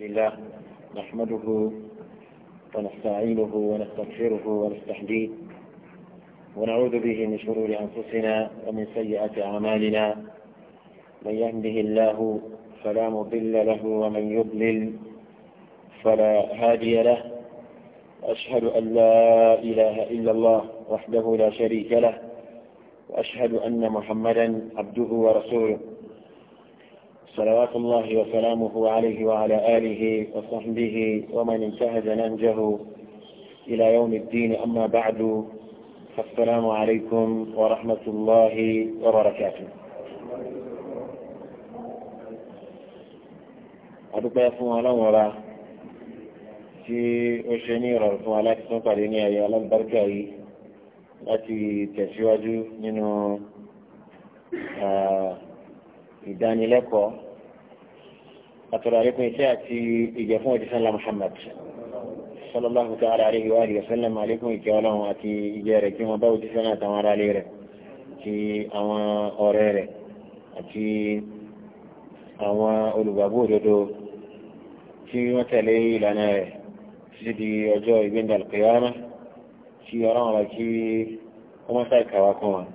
لله نحمده ونستعينه ونستغفره ونستهديه ونعوذ به من شرور انفسنا ومن سيئات اعمالنا من يهده الله فلا مضل له ومن يضلل فلا هادي له واشهد ان لا اله الا الله وحده لا شريك له واشهد ان محمدا عبده ورسوله صلوات الله وسلامه عليه وعلى آله وصحبه ومن انتهج نهجه إلى يوم الدين أما بعد فالسلام عليكم ورحمة الله وبركاته أدوك يا فوالا ولا في أشنير فوالا أي على البركة التي تشواجه منه آه، ìdánilẹ́kọ̀ọ́ àtọ̀rọ̀ àríkùn iṣẹ́ àti ìjẹ fún òjíṣẹ́ ńlá Muhammad sallallahu ta'ala alayhi wa alihi wa sallam alaykum ìkẹ́ ọlọ́run àti ìjẹ rẹ̀ kí wọ́n bá òjíṣẹ́ náà tàwọn ará rẹ̀ àti àwọn ọ̀rẹ́ rẹ̀ àti àwọn olùgbàgbọ́ òdodo tí wọ́n tẹ̀lé ìlànà rẹ̀ títí di ọjọ́ ìgbéǹdà al tí ọlọ́run rẹ̀ kí wọ́n sáì kàwá kan wọn.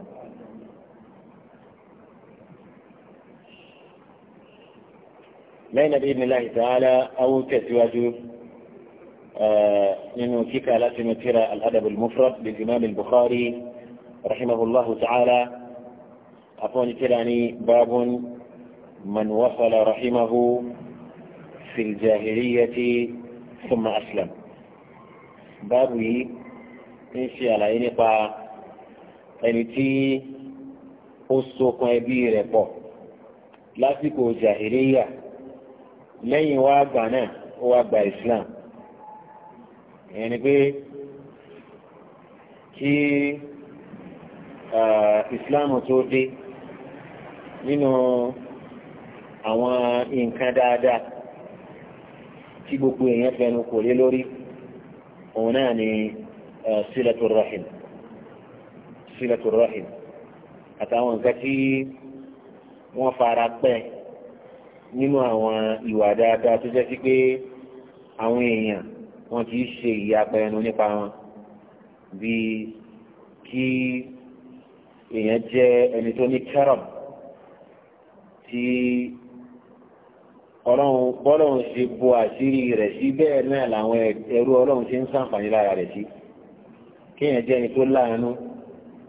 بين بإذن الله تعالى أو كتواج من آه، كيكا لا تنكر الأدب المفرد للإمام البخاري رحمه الله تعالى أقول كلاني باب من وصل رحمه في الجاهلية ثم أسلم بابي إن شاء الله ينقى أن تي لا فيكو جاهلية lẹ́yìn wá àgbà náà ó wá gba islam ìyẹn ni pé kí islam tó dé nínú àwọn nǹkan dáadáa tí gbogbo èèyàn fẹnu kò lé lórí òun náà ni sílẹ̀tò rahim àtàwọn nǹkan tí wọ́n fara pẹ́ẹ́ nínú àwọn ìwà dáadáa tó jẹ́ sí pé àwọn èèyàn wọn kì í ṣe ìyapa ẹnu nípa wọn bíi kí èèyàn jẹ́ ẹni tó ní kárọ̀m tí ọlọ́run bọ́lọ́run ṣe bo àṣírí rẹ̀ sí bẹ́ẹ̀ náà làwọn ẹrú ọlọ́run ṣe ń sàǹfààní lára rẹ̀ sí kéèyàn jẹ́ ẹni tó láàánú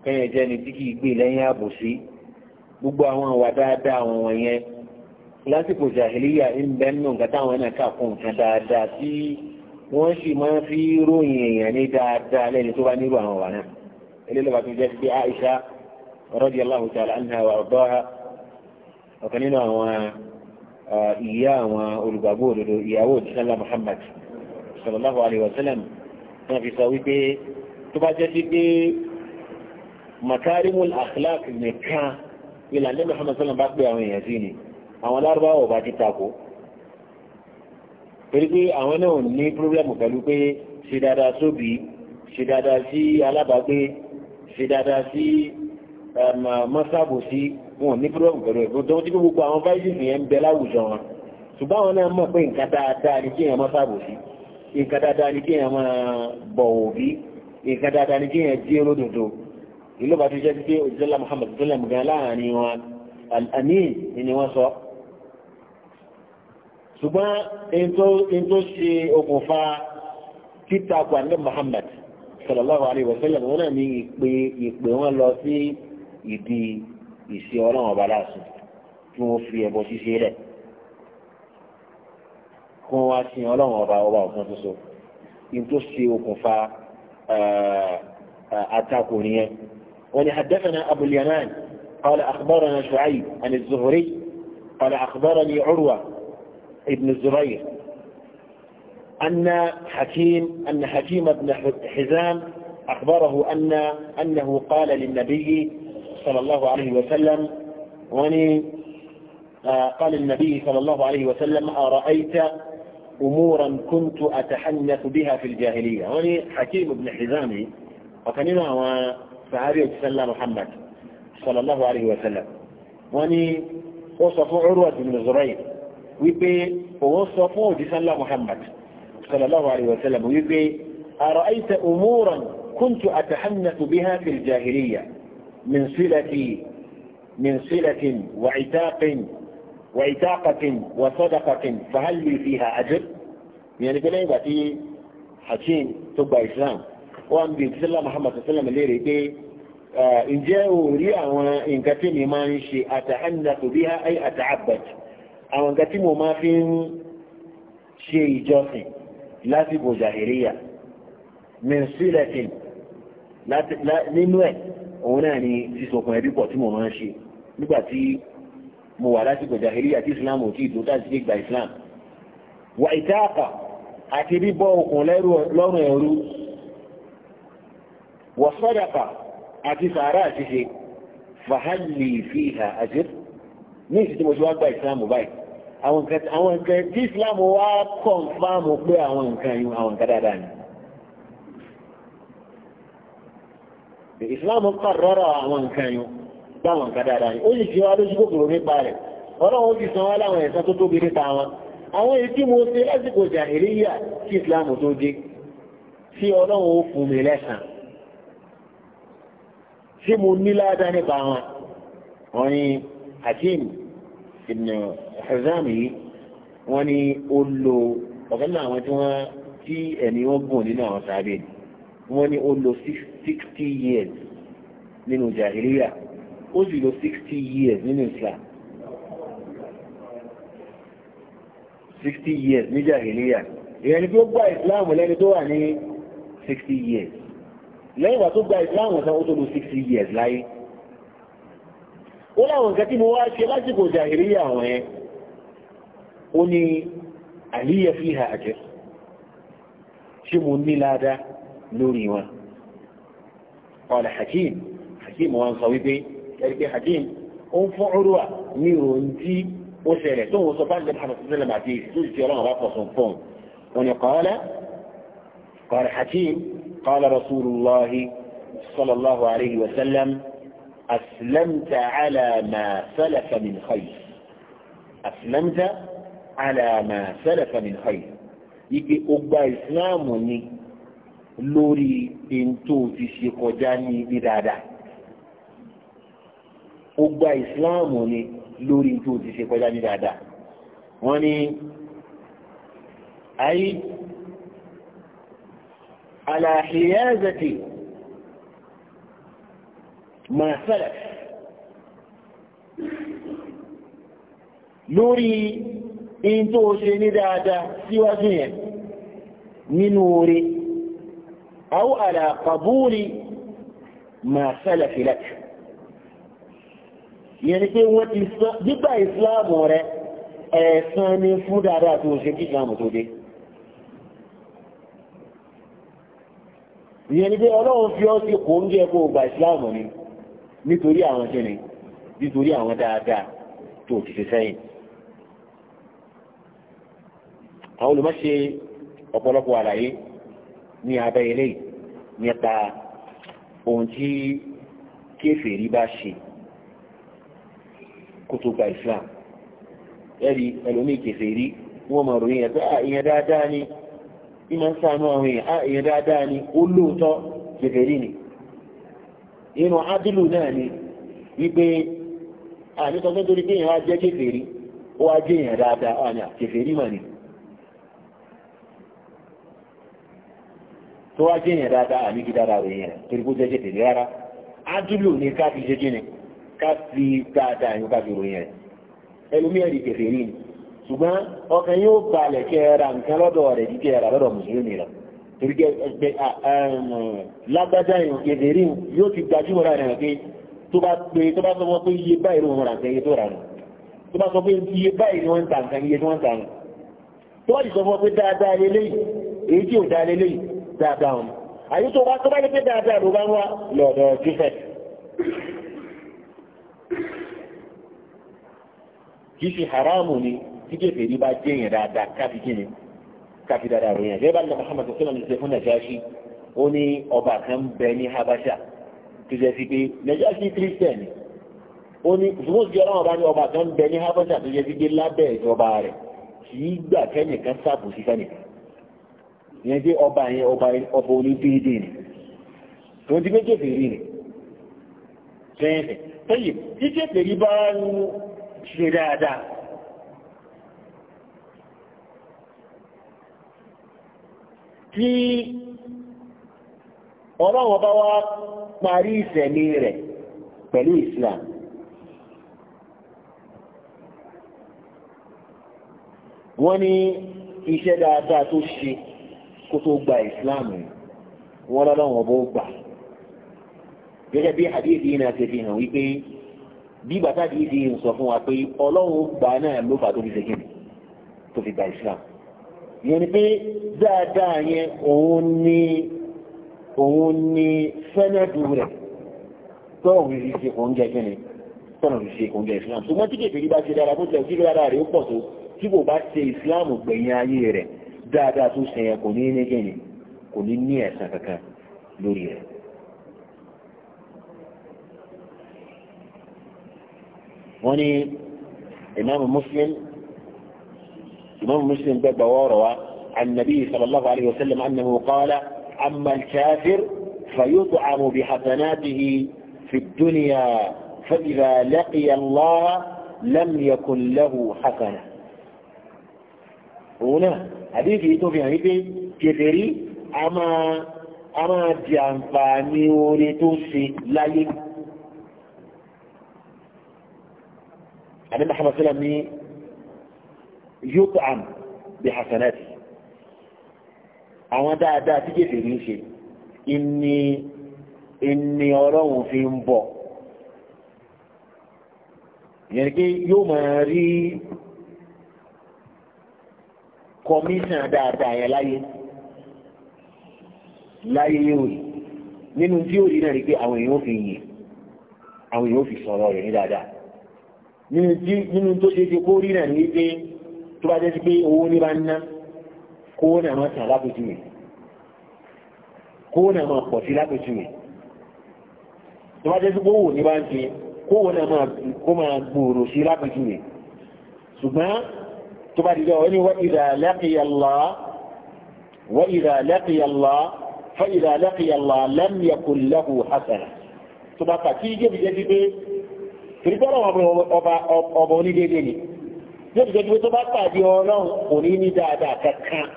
kéèyàn jẹ́ ẹni tí kì í gbé lẹ́yìn àbòsí gbogbo àwọn ìwà dáadáa àwọn lásìkò jàhìlíyà ń bẹ nínú nǹkan táwọn náà kà fún nǹkan dáadáa tí wọ́n sì máa fi ròyìn èèyàn ní dáadáa lẹ́ni tó bá nírú àwọn wà náà eléyìí lọ́ba tó jẹ́ sí Aisha radiyallahu ta'ala anha wa ardaha ọ̀kan nínú àwọn ìyá àwọn olùgbàgbọ́ òdodo ìyàwó òjísánlá Muhammad sallallahu alayhi wa sallam náà fi sọ wípé tó bá jẹ́ sí pé makarimul akhlaq nìkan ìlànà Muhammad sallam bá pè àwọn èèyàn sí ni àwọn lárúbáwọ̀ ọba ti tako torí pé àwọn náà ní pírọ́blẹ́mù pẹ̀lú pé ṣe dáadáa sóbì ṣe dáadáa sí alábàágbé ṣe dáadáa sí um, mọ́sáàbòsí wọn ní pírọ́blẹ́mù pẹ̀lú ẹ̀kọ́ tó ń tí gbogbo àwọn fáìsìsì yẹn ń bẹ láwùjọ wọn ṣùgbọ́n àwọn náà mọ̀ pé nǹkan dáadáa ni kí èèyàn mọ́sáàbòsí nǹkan dáadáa ni kí èèyàn máa bọ̀wọ̀ bí nǹkan dáadáa ni kí èèyàn jí olódodo ìlú bàtí jẹ́ pé òjìlá Muhammad sallam gan láàrin wọn al-amin ni wọ́n sọ ṣùgbọ́n in tó ṣe okùnfà títakò ànábì Muhammad sallallahu alayhi wa sallam wọn náà ní ìpè ìpè wọn lọ sí ìdí ìṣe ọlọ́run ọba láàṣù tí wọ́n fi ẹbọ ṣíṣe rẹ̀ kí wọ́n wá sí ọlọ́run ọba ọba ọ̀kan ṣoṣo in tó ṣe okùnfà àtakò nìyẹn wọ́n ní haddathana Abul Yaman qala akhbarana Shu'ayb an az-Zuhri qala akhbarani Urwa ابن الزبير أن حكيم أن حكيم بن حزام أخبره أن أنه قال للنبي صلى الله عليه وسلم وني آه، قال النبي صلى الله عليه وسلم أرأيت أمورا كنت أتحنث بها في الجاهلية وني حكيم بن حزام وكانما وصحابي سلا محمد صلى الله عليه وسلم وني وصف عروة بن الزبير wípé òun sọ fún òjísánlá Muhammad sallallahu alaihi wasallam wípé ara'aita umuran kuntu atahannatu biha fil jahiliya min silati min silatin wa itaqin wa itaqatin wa sadaqatin fa hal li fiha ajr yani pé lẹ́yìn gbàtí hakim tó gba islam wọ́n bí sallallahu Muhammad sallallahu alaihi wasallam lè rí pé ǹjẹ́ o rí àwọn nǹkan tí mi máa ń ṣe àtàhánà tó bí i àwọn nǹkan tí mo máa fi ń ṣe ìjọsìn lásìkò jàhìríyà mẹ́sílẹ̀tìn nínú ẹ̀ òun náà ni sísokùn ẹbí pọ̀ tí mo máa ń ṣe nígbà tí mo wà lásìkò jàhìríyà tí islam ò tí ì tó láti ṣe islam wà ìtaàkà àti bíbọ́ okùn lọ́rùn ẹ̀rú wà sàdákà àti sàárà àti ṣe fàhálì fìhà àjẹsùn ní ìsìtí mo ti wá gba ìsìlámù báyìí àwọn nǹkan tí ìsìlámù wá kọ̀ǹfàmù pé àwọn nǹkan yìí àwọn nǹkan dáadáa ni ìsìlámù pàrọ̀rọ̀ àwọn nǹkan yìí báwọn nǹkan dáadáa ni ó sì ti wá lójú kòkòrò nípa rẹ̀ ọlọ́run ti san wá láwọn ẹ̀san tó tóbi nípa wọn àwọn èyí tí mo ṣe lásìkò jàhìríyà tí ìsìlámù tó dé tí ọlọ́run ó fún mi lẹ́san tí mo ní ládàá nípa wọn hakeem ibn hizam yìí wọ́n ní ó lo ọ̀kan náà àwọn tí wọ́n tí ẹ̀mí wọn gùn nínú àwọn sábẹ́ wọ́n ní ó lo sixty years nínú jahiliya ó sì lo sixty years nínú islam sixty years ní jahiliya ìyẹn ni tó gba islam lẹ́ni tó wà ní sixty years lẹ́yìn ìgbà tó gba islam ọ̀sán ó tó lo sixty years láyé. Like, ó láwọn nǹkan tí mo wá ṣe lásìkò jàhìríyà àwọn ẹ̀ ó ní àlíyà fi hà àjẹ́ ṣé mo ní láadá lórí wọn ọ̀là hakim hakim wọn sọ wípé ẹ̀rí pé hakim ó ń fún ọrùwà ní ìròyìn tí ó ṣẹlẹ̀ tó ń sọ bá lẹ́nu àmọ̀ sílẹ̀ àti ìṣúṣù tí ọlọ́run bá fọ̀sùn fún un ni qala qala hakim qala rasulullah sallallahu alayhi wa sallam أسلمت على ما سلف من خير أسلمت على ما سلف من خير ipe ọgbà ìsìláàmù ni lórí ètò ti ṣe kọjá ní ibi dáadáa ọgbà ìsìláàmù ni lórí ètò ti ṣe kọjá ní dáadáa wọ́n ní ayé aláhìyázẹ́tì ما سلف lórí in tó ṣe ní dáadáa síwájú yẹn nínú orí aw ala qabuli ma salafa lak yẹn ni pé wọ́n ti sọ nígbà ìsìláàmù rẹ ẹ̀san ni fún dáadáa tó ṣe kí tó dé yẹn pé ọlọ́run fi ọ́ sí kò ń jẹ́ kó gba ìsìláàmù ni nítorí àwọn kíni nítorí àwọn dáadáa tó ti ṣe sẹ́yìn. àwọn olùmọ̀ṣe ọ̀pọ̀lọpọ̀ àlàyé ní abẹ́ ilé nípa ohun tí kéfèrí bá ṣe kó tó gba Islam ẹ̀rí ẹlòmíì kéfèrí wọ́n mọ̀ ròyìn ẹ̀ pé ah, ìyẹn dáadáa ni ìmọ̀ ń àwọn èèyàn ah, ìyẹn dáadáa ni ó lóòótọ́ kéfèrí ni inú adìlù náà ni wípé àníkọ́ tó torí kéèyàn wá jẹ́ kéfèrí ó wá jẹ́ èèyàn dáadáa wà ní mà ni tó wá jẹ́ èèyàn dáadáa àníkí dáadáa rẹ̀ èèyàn torí kó jẹ́ kéfèrí rárá adìlù ni ká fi ṣe kí ni ká fi dáadáa yóò ká fi ròyìn rẹ̀ ẹlòmí ẹ̀rí kéfèrí ni ṣùgbọ́n ọkàn yóò balẹ̀ kẹ́ẹ̀ra nǹkan lọ́dọ̀ rẹ̀ jíkẹ́ẹ̀ra lọ́dọ̀ mùsùlùmí lọ lágbájá ìdèrí yóò ti gbajúmọ̀ rà rẹ̀ pé tó bá pé tó bá sọ wọ́n pé iye báyìí ló wọ́n rà nǹkan iye tó rà nù tó bá sọ pé iye báyìí ni wọ́n ń ta nǹkan iye tó wọ́n ń ta nù tó bá ti sọ fún ọ pé dáadáa lélẹ́yìí èyí tí ò dáadáa wọn àyè tó bá tó bá lè káfí dáadáa ròyìn àgbẹ̀ bá nílẹ̀ Muhammad sọ́nà ní sẹ́fún Nàjáṣí ó ní ọba kan bẹ ní Habasha tó jẹ́ sí pé Nàjáṣí Christian ó ní ṣùgbọ́n sí ọlọ́run ọba ní ọba kan bẹ ní Habasha tó jẹ́ sí pé lábẹ́ ìjọba rẹ̀ kì í gbà kẹ́nìkan sáàbù sí kẹ́nìkan ìyẹn pé ọba yẹn ọba ọba onídéédé ni tó ń di méjèèfé rí ni tẹ́yìn tẹ́yìn tí kéèké rí bá ń ṣe dáadáa tí ọlọ́wọ́ bá wá parí ìsẹ̀mí rẹ̀ pẹ̀lú Islam wọ́n ní iṣẹ́ dáadáa tó ṣe kó tó gba Islam wọ́n lọ́wọ́ bó gbà gẹ́gẹ́ bí àdéhìí náà ṣe fi hàn wípé bí bàtà àdéhìí ń sọ fún wa pé ọlọ́run gbà náà ló fà tó fi ṣe kí ni tó fi gba Islam yẹn ni pé dáadáa yẹn òun ni òun ni fẹ́nẹ́dù rẹ̀ tọ́rọ̀ rí ṣe kò ń jẹ kí ni tọ́rọ̀ rí ṣe kò ń jẹ islam ṣùgbọ́n tí kèfèrí bá ṣe dára bó tẹ̀ kíló ara rẹ̀ ó pọ̀ tó tí kò bá ṣe islam gbẹ̀yìn ayé rẹ̀ dáadáa tó ṣe yẹn kò ní ní kí ni kò ní ní ẹ̀san kankan lórí rẹ̀. wọ́n ní Imam Muslim الإمام مسلم ده وروى عن النبي صلى الله عليه وسلم أنه قال أما الكافر فيطعم بحسناته في الدنيا فإذا لقي الله لم يكن له حسنة هنا هذه yìí tó هذه كثيري أما أما kèfèrí a máa a máa di àǹfààní yut'am bi hasanati àwọn dáadáa tí jèfè ní ṣe ìní ìní ọlọ́run fi ń bọ̀ yẹn kí yóò máa rí kọmíṣàn dáadáa yẹn láyé láyé yóò rí nínú tí yóò rí náà rí pé àwọn èèyàn ò fi yìn àwọn èèyàn ò fi sọ̀rọ̀ rẹ̀ ní dáadáa nínú tó ṣe ṣe kó rí náà ní pé tó bá jẹ́ sí pé owó ní bá ń ná kó náà máa tàn lápòjúwe kó náà máa pọ̀ sí lápòjúwe tó bá jẹ́ sí pé owó ní bá ń ṣe kó náà máa gbòòrò sí lápòjúwe ṣùgbọ́n tó bá dìde ọ̀rẹ́ ni wa idha laqiya yóò jẹ́ pé tó bá pàdé ọlọ́run kò ní ní dáadáa kankan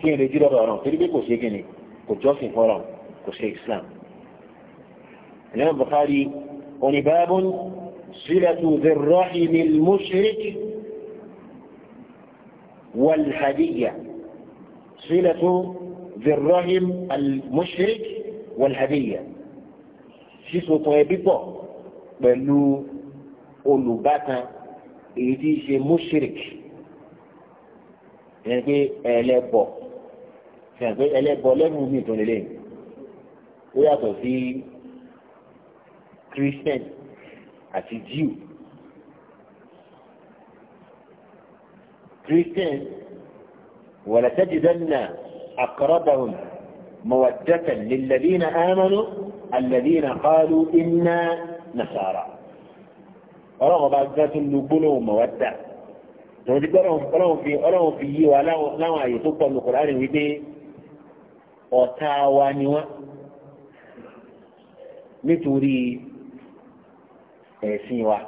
kí n lè jí lọ́dọ̀ ọ̀rọ̀ torí pé kò ṣe kíni kò jọ́sìn fọ́rọ̀ kò ṣe Islam. ìlànà Bukhari oníbàbùn sílẹ̀tù zirrahimi mushrik والهدية صلة ذي الرحم المشرك والهدية sísopọ̀ ẹbí pọ̀ pẹ̀lú olùbátan èyí tí í ṣe mushrik ẹ pé ẹlẹ́bọ ṣe àgbẹ̀ ẹlẹ́bọ lẹ́nu mi tó nílé ó yàtọ̀ sí christian àti jew christian wọlé wala tajidanna aqrabahum mawaddatan lilladhina amanu alladhina kọ́lù iná nasara. ọlọ́run ọba gbọ́n tó lu gbólóhùn mọ̀ wá dà tòun ti gbọ́dọ̀ ọlọ́run fi yé wa láwọn àyè tó pọ̀ lùkọ̀ láti wí pé ọ̀tá wa ni wọ́n nítorí ẹ̀sìn wa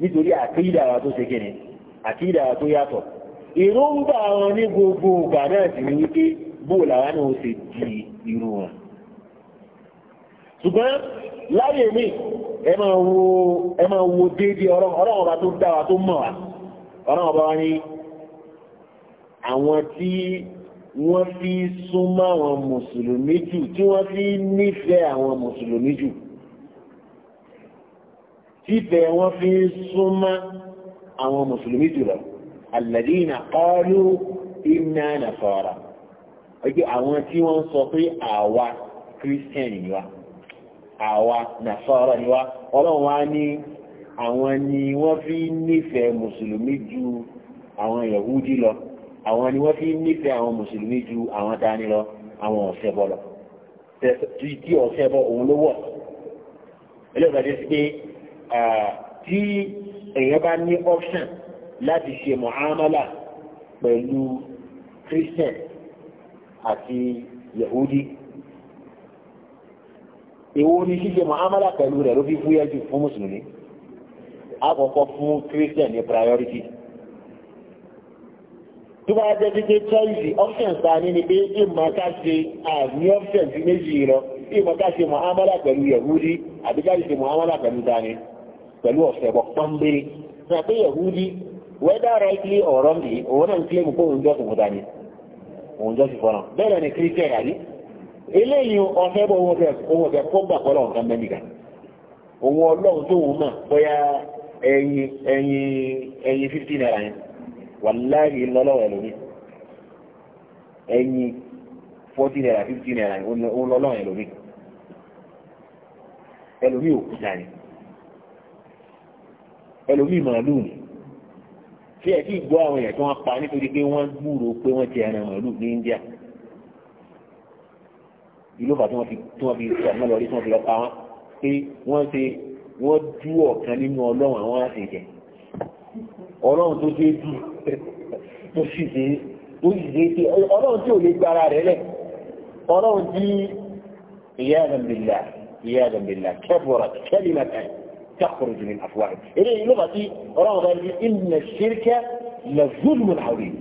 nítorí àkídà wa tó ṣe kéde àkídà wa tó yàtọ̀ èròǹgbà wọn ní gbogbo ìgbà náà sì ni wípé bóò làwa náà ó ṣe di irú wọn ṣùgbọ́n láyé mi ẹ máa wo déédé ọlọ́run ọba tó dá wa tó mọ̀ wá ọlọ́run ọba wa ní àwọn tí wọ́n fi súnmọ́ àwọn mùsùlùmí jù tí wọ́n fi nífẹ̀ẹ́ àwọn mùsùlùmí jù tífẹ̀ wọ́n fi súnmọ́ àwọn mùsùlùmí jù lọ alladina qalu inna nasara ọjọ́ àwọn tí wọ́n sọ pé àwa kírísítẹ́nì ni wa. àwa nàṣọ́rọ̀ ni wá ọlọ́run wá ní àwọn ni wọ́n fi nífẹ̀ẹ́ mùsùlùmí ju àwọn yahudi lọ àwọn ni wọ́n fi nífẹ̀ẹ́ àwọn mùsùlùmí ju àwọn dání lọ àwọn ọ̀sẹ̀bọ lọ tí ọ̀sẹ̀bọ òun ló wọ̀ eléyìí bàjẹ́ sí pé tí èèyàn bá ní option láti ṣe mọ̀hámálà pẹ̀lú christian àti yahudi èwo ni ṣíṣe muhammadu pẹ̀lú rẹ̀ ló fi fúyẹ́ jù fún mùsùlùmí àkọ́kọ́ fún christian ní priority tó bá jẹ́ pé choice options ta ní ni pé ìmọ̀ ká ṣe àmì options méjì lọ ìmọ̀ ká ṣe muhammadu pẹ̀lú yahudi àbí ká ṣe muhammadu pẹ̀lú dani pẹ̀lú ọ̀sẹ̀ bọ̀ pọ́nbéré sọ pé yahudi whether rightly or wrongly òun náà ń claim kó òun jọ́ sí fún dani òun jọ́ sí fọ́nà eléyìí ọ̀fẹ́ bọ̀ owó ọ̀fẹ́ kó gbà pọ̀lọ̀ nǹkan mẹ́nìkà owó ọlọ́run tó wùn náà bóyá ẹyin 50 naira yẹn wàláhì ńlọlọ́wọ́ ẹlòmí ẹyin 40 naira naira yẹn ńlọlọ́wọ́ ẹlòmí òkúta ni ẹlòmí màálù ni tí gbọ́ àwọn èèyàn tí wọ́n pa nítorí pé wọ́n pé wọ́n ti màálù ní India. ìlú bàtí wọ́n fi tí wọ́n fi ọ̀nà lọ rí tí wọ́n fi lọ pa wọn pé wọ́n ṣe wọ́n dú ọ̀kan nínú ọlọ́run àwọn àṣejẹ ọlọ́run tó dé dù tó sì dé tó sì dé pé ọlọ́run tí ò lè gbára rẹ̀ lẹ̀ ọlọ́run tí ìyá àgbẹ̀mbìlà ìyá àgbẹ̀mbìlà kẹ́bọ̀rọ̀ kẹ́lìmà kan تخرج من أفواههم إليه اللغة دي رغم ذلك إن الشركة لظلم عظيم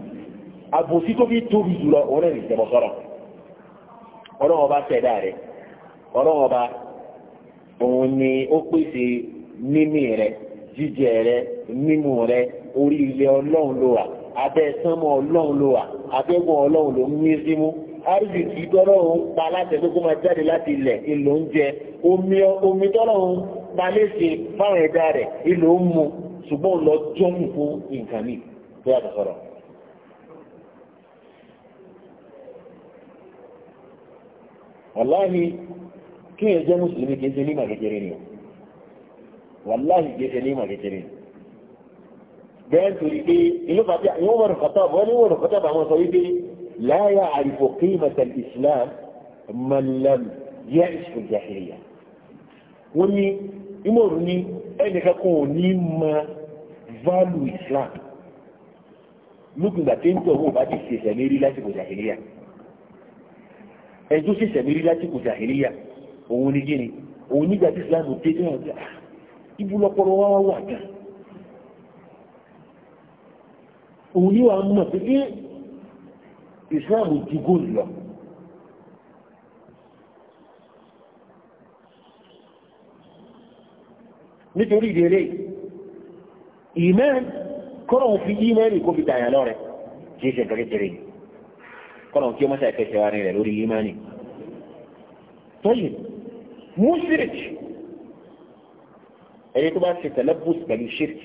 أبو سيتو بي توبي زولا ọlọ́run ọba ṣẹ̀dá rẹ̀ ọlọ́run ọba òun ni ó pèsè mímí rẹ̀ jíjẹ rẹ̀ mímu rẹ̀ orí ilẹ̀ ọlọ́run ló wà abẹ́ sánmọ̀ ọlọ́run ló wà abẹ́gun ọlọ́run ló ń mí símú rgc tọ́lọ́run pa láti ẹgbẹ́ máa jáde láti ilẹ̀ ìlò ń jẹ omi tọ́lọ́run pa léṣe fáwọn ẹ̀dá rẹ̀ ìlò ń mu ṣùgbọ́n lọ jọ́mù fún nǹkan mi tó yàtọ̀ sọ̀rọ̀ والله كي يجي مسلمي كي يجي لي ما كتيرين والله كي لي ما كتيرين بين تريكي إلو قطع يومر الخطاب ولي يومر الخطاب عما صويبي لا يعرف قيمة الإسلام من لم يعيش في الجاهلية وني يمرني أن يكون نما فالو إسلام لكن ذاتين تهو بعد السيسامير لا تكون جاهلية ẹjọ́ sì sẹ̀mí rí láti kò jàhìlíyà òun ní gíní òun nígbà tí ìsìláàmù dé tí wọ́n gbà ibú lọ́pọ̀lọ́ wá wà gan òun ní wà mọ̀ pé kí ìsìláàmù ju góòlù lọ nítorí ìdèrè ìmẹ́ kọ́rọ̀ fi ìmẹ́ kó fi dàyà lọ́rẹ̀ kì í ṣe kẹ́kẹ́kẹ́rẹ́ yìí kọ́nà kí ó mọ́ṣà ìfẹsẹ̀ wa rẹ̀ lórí ìmánì tọ́yì mushrik ẹni tó bá ṣe tẹ̀lẹ́bùs pẹ̀lú shirk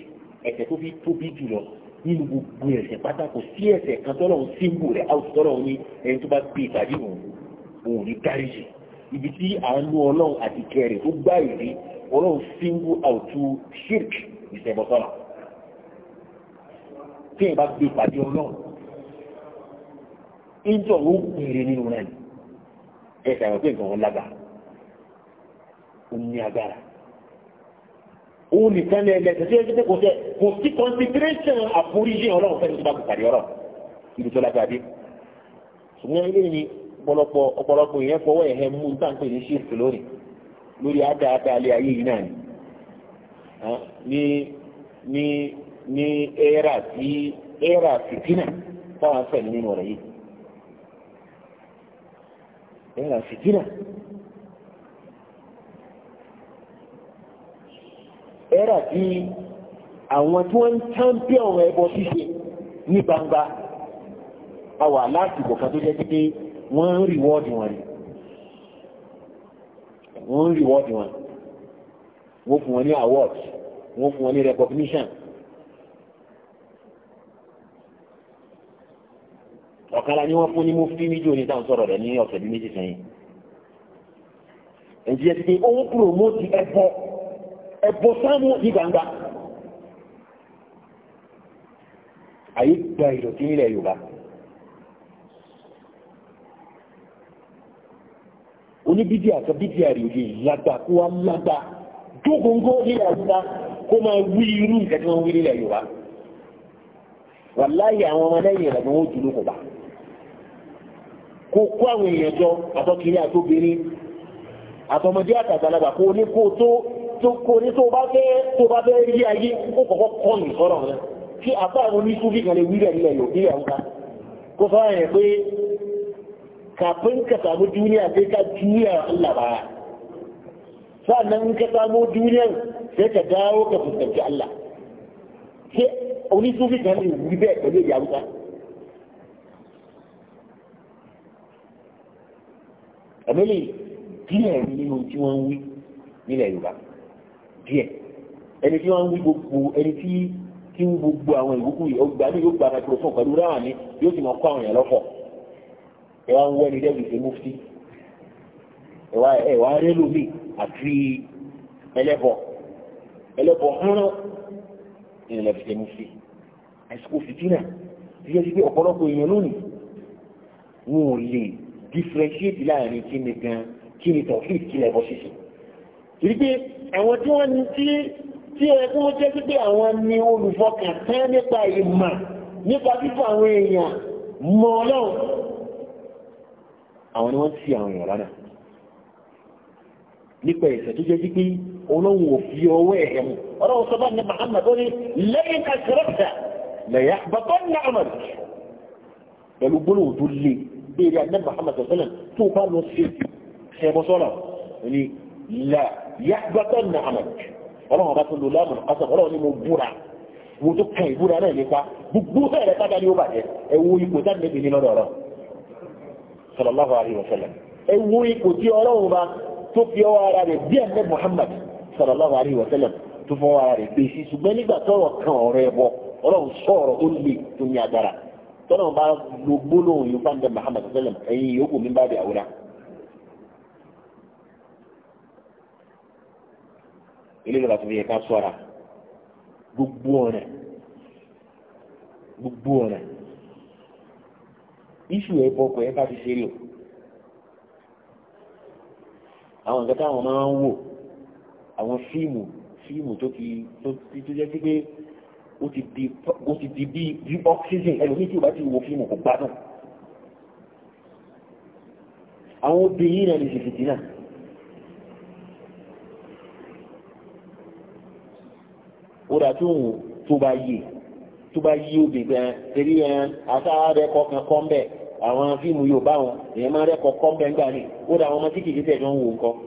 ẹ̀ṣẹ̀ tó fi tóbi jùlọ nínú gbogbo ẹ̀ṣẹ̀ pátá kò sí ẹ̀ṣẹ̀ kan tọ́lọ̀ ń símbò rẹ̀ áwùsì tọ́lọ̀ ń ní ẹni tó bá gbé ìtàdí òun òun ní gáríjì ibi tí àánú ọlọ́run àti kẹrì tó gbá ìdí ọlọ́run símbò àwùtú shirk ìṣẹ̀bọ̀sọ́nà tí ẹ bá gbé ìpàdé ọlọ́run ìjọ ló pèrè nínú rẹ̀ ẹ ṣàwọn pé nǹkan wọn lágbára ó ní agbára òun nìkan ní ẹlẹ́sẹ̀ tí ẹgbẹ́ kò tẹ kò sí concentration àforíjì ọlọ́run fẹ́ni tó bá kò pàdé ọ̀rọ̀ ibi tó lágbára dé ṣùgbọ́n ilé ni ọ̀pọ̀lọpọ̀ ọ̀pọ̀lọpọ̀ ìyẹn fọwọ́ ẹ̀hẹ́ mú táǹpé ní ṣíìsì lónìí lórí àdáadáa alẹ́ ayé yìí náà ni ní ní ní ẹ̀rà sí ẹ̀rà fìtínà táwọn afẹ́ nínú ọ̀rọ̀ yìí yana fitina Era bí àwọn tí wọ́n ń champion ẹbọ ṣíṣe ní gbangba a wà láti bọ̀kan tó jẹ́ pé wọ́n ń reward wọn ni wọ́n ń reward wọn wọ́n fún wọn ní awards wọ́n fún wọn ní recognition ọ̀kara ni wọ́n fún ní mufti níjó ní táwọn sọ̀rọ̀ rẹ̀ ní ọ̀sẹ̀ bí méjì sẹ́yìn ǹjẹ́ ti ó ń promote ẹbọ ẹbọ sáàmù ní gbangba àyè gba ìdọ̀tí nílẹ̀ Yorùbá oníbídí àti bídí àríòjì lágbà kó wá lágbà dógóńgó nílẹ̀ Yorùbá kó máa wí irú nǹkan tí wọ́n wí nílẹ̀ Yorùbá wàláyé àwọn ọmọ lẹ́yìn rẹ̀ ni wọ́n jùlọ kò bá kó kó àwọn èèyàn jọ àtọkìnrin àtobìnrin àtọmọdé àtàgbàlagbà kó ní kó tó tó kó ní tó bá fẹ́ tó bá fẹ́ rí ayé ó kọ́kọ́ kọ́ ní sọ́rọ̀ rẹ̀ kí apá àwọn oníṣúfì kan lè wí rẹ̀ nílẹ̀ yóò nílẹ̀ ńlá kó sọ yẹn pé kafin ka samu duniya sai ka juya Allah baya sannan in ka samu duniyan sai ka dawo ka fuskanci Allah ṣé onísúfì kan lè wí bẹ́ẹ̀ pẹ̀lú èdè haúsá. ẹ̀mí lè díẹ̀ nínú tí wọ́n ń wí nílẹ̀ yorùbá díẹ̀ ẹni tí wọ́n ń wí gbogbo ẹni tí tí ń gbogbo àwọn ìwúkú yìí ó gbà ní yóò gba microphone pẹ̀lú ráwà ní yóò sì máa kó àwọn èèyàn lọ́fọ̀ ẹ wá ń wọ ẹni dẹ́gbẹ̀ẹ́ ṣe mufti ẹ wá ẹ wá rẹ lómi àti ẹlẹ́bọ ẹlẹ́bọ hánà ìrìnlẹ̀ fi tẹ̀mú sí àìsíkò fìtínà tí yẹ sí ọ̀pọ̀lọpọ̀ èèyàn lónìí wọn ò lè differentiate láàrin kí ni gan kí ni tọ̀fíì kí lẹ́bọ̀ ṣíṣe torí pé àwọn tí wọ́n ní tí tí ẹkún jẹ́ pípé àwọn ni olùfọkàntán nípa ìmọ̀ nípa fífọ àwọn èèyàn mọ ọlọ́run àwọn ni wọ́n ti àwọn èèyàn lánàá nípa ìṣẹ̀ tó jẹ́ pípé olóhùn òfi ọwọ́ ẹ̀ mú ọlọ́run sọ bá ní Muhammad ó ní lẹ́yìn kàkìrọ́tà lẹ́yà bàtọ́ ní Ahmad pẹ̀lú gbólóhùn tó le béèrè àná Muhammad sọ̀tẹ́lẹ̀ tó bá lọ sí ẹ̀bọ sọ́nà ó ní lẹ́yà bàtọ́ ní Ahmad ọlọ́run bá tó lò láàmú ọ̀sán ọlọ́run ní mo búra wo tó kàn ìbúra náà nípa gbogbo ẹ̀rẹ́ tábà ní ó bàjẹ́ ẹ wo ipò tábìlì ní lọ́dọ̀ ọ̀rọ̀ sallallahu alayhi ipò tí ọlọ́run bá tó fi ọwọ́ ara rẹ̀ bí ẹ̀mẹ́ Muhammad sallallahu alaihi wa sallam tó fọwọ́ ara rẹ̀ gbèsè ṣùgbọ́n nígbà kan ọ̀rọ̀ ẹbọ ọlọ́run sọ̀rọ̀ ó lè tó ní agbára bá lo gbólóhùn yóò bá ń bẹ bá bẹ àwòrán. ilé ìjọba tó fi yẹ ká gbogbo gbogbo iṣu fi ṣe lò àwọn táwọn máa àwọn fíìmù fíìmù tó ti tó jẹ́ sí pé ó ti di ó ti di bí bí oxygen ẹlòmíì tí o bá ti wo fíìmù kò gbádùn àwọn obìnrin náà lè ṣe fìtínà. ó dà tó wù tó bá yé tó bá yé obì gan torí ẹ àtàrẹkọ kan kọ́ ń bẹ̀ àwọn fíìmù yóò bá wọn èèyàn máa rẹ́kọ̀ọ́ kọ́ ń bẹ̀ ń ó dà àwọn ọmọ tí kìí tẹ̀ tó ń wò ń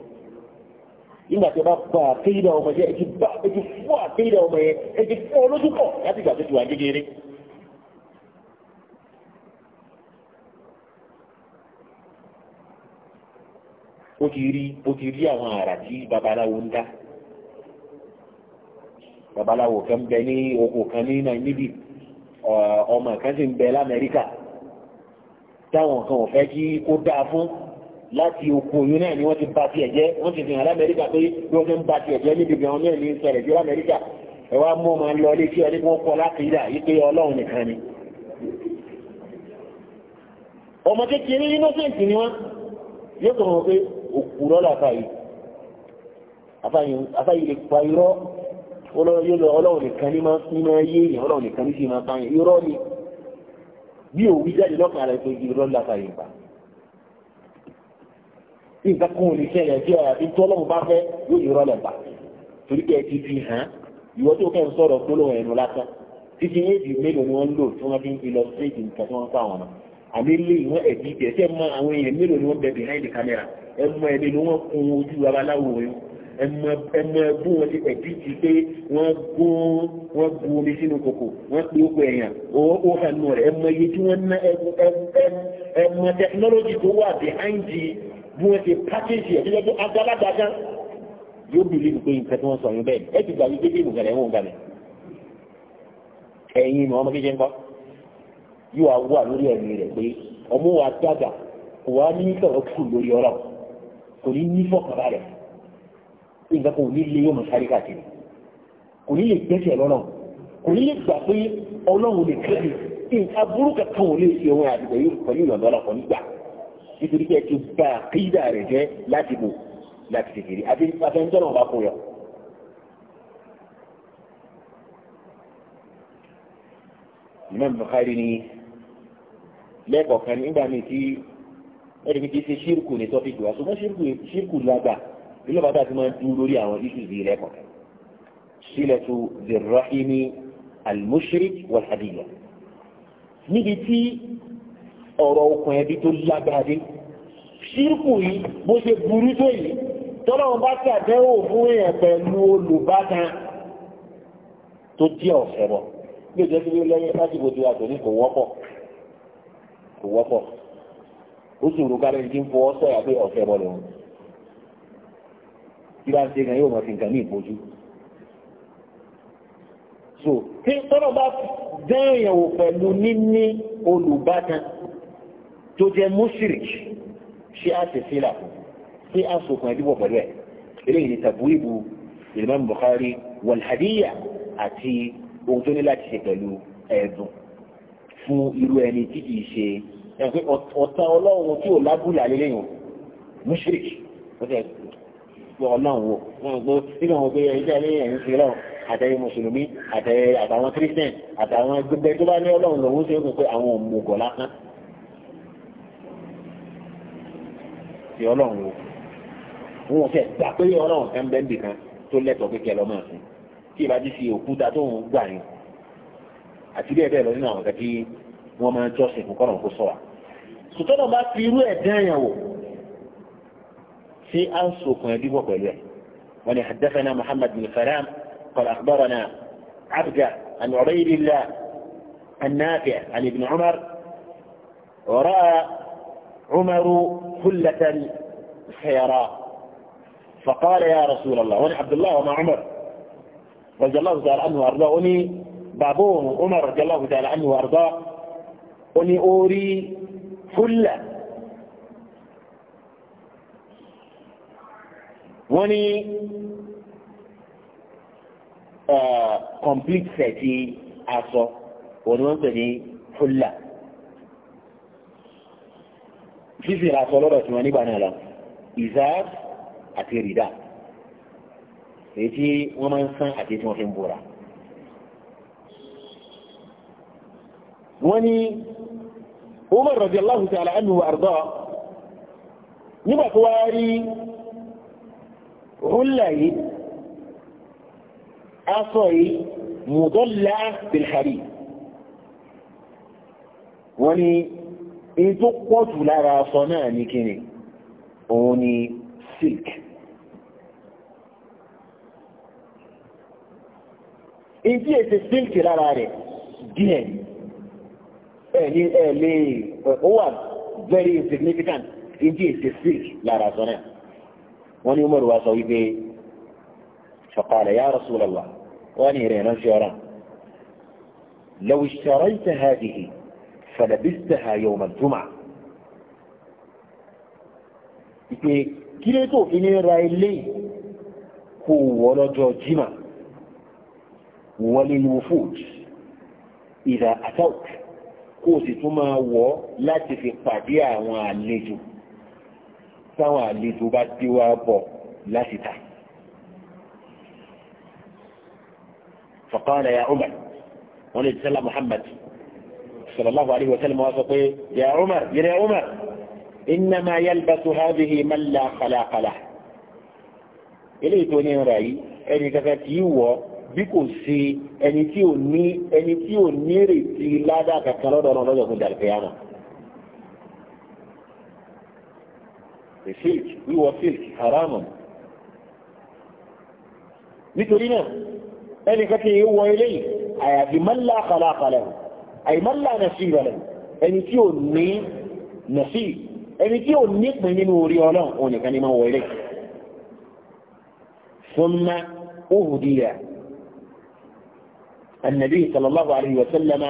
nígbà tí ọba pa àkéyìdá ọmọ jẹ́ ẹjú bá ẹjú fún àkéyìdá ọmọ yẹn ẹjú fún olójúkọ̀ láti ìgbà tó ti wà kékeré. ó ti rí ó ti rí àwọn àrà tí babaláwo ń dá babaláwo kan bẹ ní oko kan ní nàìjíríì ọmọ kan sì ń bẹ lamẹ́ríkà táwọn kan ò fẹ́ kí kó dáa fún láti oko oyún náà ni wọ́n ti ba tiẹ̀ jẹ́ wọ́n ti fi hàn lamẹ́ríkà pé bí wọ́n ti ń ba tiẹ̀ jẹ́ níbi ìgbà wọn náà ní sẹ̀rẹ̀ jẹ́ lamẹ́ríkà ẹ wá mú ọmọ lọ ilé tí ẹni wọn kọ láti ìdá yìí pé ọlọ́run nìkan ni. ọmọ kékeré innocent ni wọn yóò tó wọn pé òkúrọ́ làfà yìí àfà yìí lè pa irọ́ ọlọ́run nìkan ní máa yé èèyàn ọlọ́run nìkan ní sì máa bá yẹn irọ́ ni bí òwú jáde lọ́kàn rẹ̀ pé irọ́ làfà yìí pa nǹkan kan ò lè ṣẹlẹ̀ sí ọ̀rọ̀ àti tí ọlọ́run bá fẹ́ yóò yọ rọlẹ̀ bá torí pé ẹ ti fi hàn ìwọ tó kẹ́ ń sọ̀rọ̀ gbólóhùn ẹnu lásán títí éèdì mélòó ni wọ́n lò tí wọ́n fi ń lọ séèdì nǹkan tí wọ́n ń fáwọn náà àmì ilé ìwọ́n ẹ̀bí ìjẹ́ tẹ́ mọ àwọn èèyàn mélòó ni wọ́n bẹ behind the camera ẹ mọ ẹni ni wọ́n kun ojú babaláwo yẹn ẹ mọ ẹbú wọn ti ẹ̀bí ti pé wọ́n gún wọ́n bu omi sínú kòkò wọ́n pe oko èèyàn owó kó hàn nù rẹ̀ ẹ mọ iye tí wọ́n ná ẹ mọ technology tó wà behind bí wọ́n ṣe pákéjì ẹ̀ lọ́dún agbálagbá gan yóò bí lè pé nǹkan tí wọ́n sọ yín bẹ́ẹ̀ ẹ ti gbà wípé bí nǹkan rẹ̀ wọ́n gbalẹ̀ ẹ̀yin ni ọmọ kékeré ń kọ́ yóò wá wà lórí ẹ̀mí rẹ̀ pé ọmọ wa dàgbà kò wá ní sọ̀rọ̀ kù lórí ọ̀rọ̀ kò ní ní fọkànlá rẹ̀ nǹkan kò ní lé yóò kò ní lè gbẹ́sẹ̀ lọ́nà kò ní lè gbà pé ọlọ́run lè kẹ́bi nǹkan burúkú kan ò lè ṣe òun àdìgbò yóò pẹ̀lú ìrànlọ́rọ̀ kan nígbà nítorí pé ti ba àkídà rẹ̀ jẹ́ láti bò láti kékeré àti afẹ́ńtọ́ náà bá kó yọ. Imam Bukhari ni lẹ́kọ̀ọ̀kan nígbà míì tí ẹni kìí ṣe ṣírkù ní tọ́pìkì wa ṣùgbọ́n ṣírkù lágbà nílò bàtà tí máa ń dúró lórí àwọn iṣu yìí lẹ́kọ̀ọ̀kan. Ṣílẹ̀tù Zerahimi Al-Mushrik wal Níbi tí ọ̀rọ̀ okùn ẹbí tó lágbàdé ṣírkù yìí bó ṣe burú tó yìí tọ́lọ́wọ́n bá ṣàdẹ́wò fún èèyàn pẹ̀lú olùbátan tó jẹ́ ọ̀fẹ́ bọ̀ bí ìjẹ́ sí lẹ́yìn lásìkò tí a tòní kò wọ́pọ̀ kò wọ́pọ̀ ó sì rò kárẹ́ ìdí ń fọwọ́ sọ̀yà pé ọ̀fẹ́ bọ̀ lòun bí bá ń ṣe gan yóò mọ̀ sí nǹkan ní ìbojú so tí tọ́lọ́ bá dẹ́yìn wò pẹ̀lú níní olùbátan tó jẹ́ mushrik ṣé a ṣe sílà ṣé a sokùn ẹbí wọ̀ pẹ̀lú ẹ̀ eléyìí ni tàbúrìbù Imam Bukhari wàlhadíyà àti ohun tó ní láti ṣe pẹ̀lú ẹ̀dùn fún irú ẹni tí kìí ṣe ẹ̀pẹ́ ọ̀tá ọlọ́run tí ò lábúlà lélẹ́yìn mushrik ọlọ́run wo wọn gbọ́ nínú àwọn ọgbẹ́ ẹ̀yìn tí a ṣe lọ́wọ́ àtẹ̀yìn mùsùlùmí àtẹ̀yìn àtàwọn kírísítẹ̀n àtàwọn gbẹgbẹ́ tó bá ní ọlọ́run lòun ṣe é pé àwọn òmùgọ̀ lásán sí ọlọ́run o wọn fẹ́ gbà pé ọlọ́run kan bẹ́ẹ̀ bì kan tó lẹ́tọ̀ọ́ pé kẹ́ lọ́ máa sìn tí ìbá ti fi òkúta tó ń gbà yín àti bẹ́ẹ̀ bẹ́ẹ̀ lọ nínú àwọn kẹ́kí wọ́n máa ń jọ́sìn fún kọ́nà kó sọ wa sùtọ́nà bá fi irú ẹ̀ dán yẹn wò ṣé à ń sokùn ẹbí pẹ̀lú ẹ̀ wọ́n ní hadathana muhammad bin salam qala akhbarana abda an ubaydillah an nafi' عمر حلة خيراء فقال يا رسول الله وانا عبد الله وما عمر رضي الله تعالى عنه وارضاه اني بابون عمر رضي الله تعالى عنه وارضاه اني اوري حلة واني آه complete set aṣọ òun wọ́n pè fífi aṣọ lọ́dọ̀ tí wọ́n nígbà náà lọ ìzáàb àti rìdá èyí tí wọ́n máa ń sán àti tí wọ́n fi ń bora. wọ́n ní Umar radiyallahu ta'ala anhu wa arda nígbà tó wá rí húlà yìí aṣọ yìí mudalla bil wọ́n ní èyí tó pọ̀ jù lára aṣọ náà ní kíni òun ni silk èyí tí èsì silk lára rẹ̀ díẹ̀ ẹ̀lẹ́ ẹ̀lẹ́ ó wà very significant. èyí tí èsì silk lára aṣọ náà wọ́n ní Umaru wa sọ wípé faqala ya Rasulallah wọ́n ní ìrìn ránṣẹ́ ọ̀ràn law ishtarayta hadhihi fẹ̀lẹ̀bíṣẹ̀ yawm al-jum'a ìpè kí ló tó fi ní ra ilé kó wọ́ lọ́jọ́ jimá wọlé wufud ìdá àtàwùk kó o sì tún máa wọ̀ láti fi pàdé àwọn àlejò táwọn àlejò bá dé wá bọ̀ láti ta. فقال يا عمر ولد سلام محمد sallallahu alaihi wa sallam wá sọ pé yà Umar yẹrẹ Umar innama yalbasu hadhihi man la khalaqala eléyìí tó ní ra yìí ẹni kankan kì í wọ̀ bí kò sí ẹni tí ò ní ẹni tí ò ní rètí ládàá kankan lọ́dọ̀ ọ̀nà lọ́dọ̀ fún dàlùkẹ́yàmọ̀. nítorí náà ẹnìkan kí wọ ilé àyàfi man la khalaqa أي من لا نسيب له أن ẹni tí ò ní pín nínú orí ọlọ́run òun nìkan ni máa wọ nikan ni النبي صلى الله عليه وسلم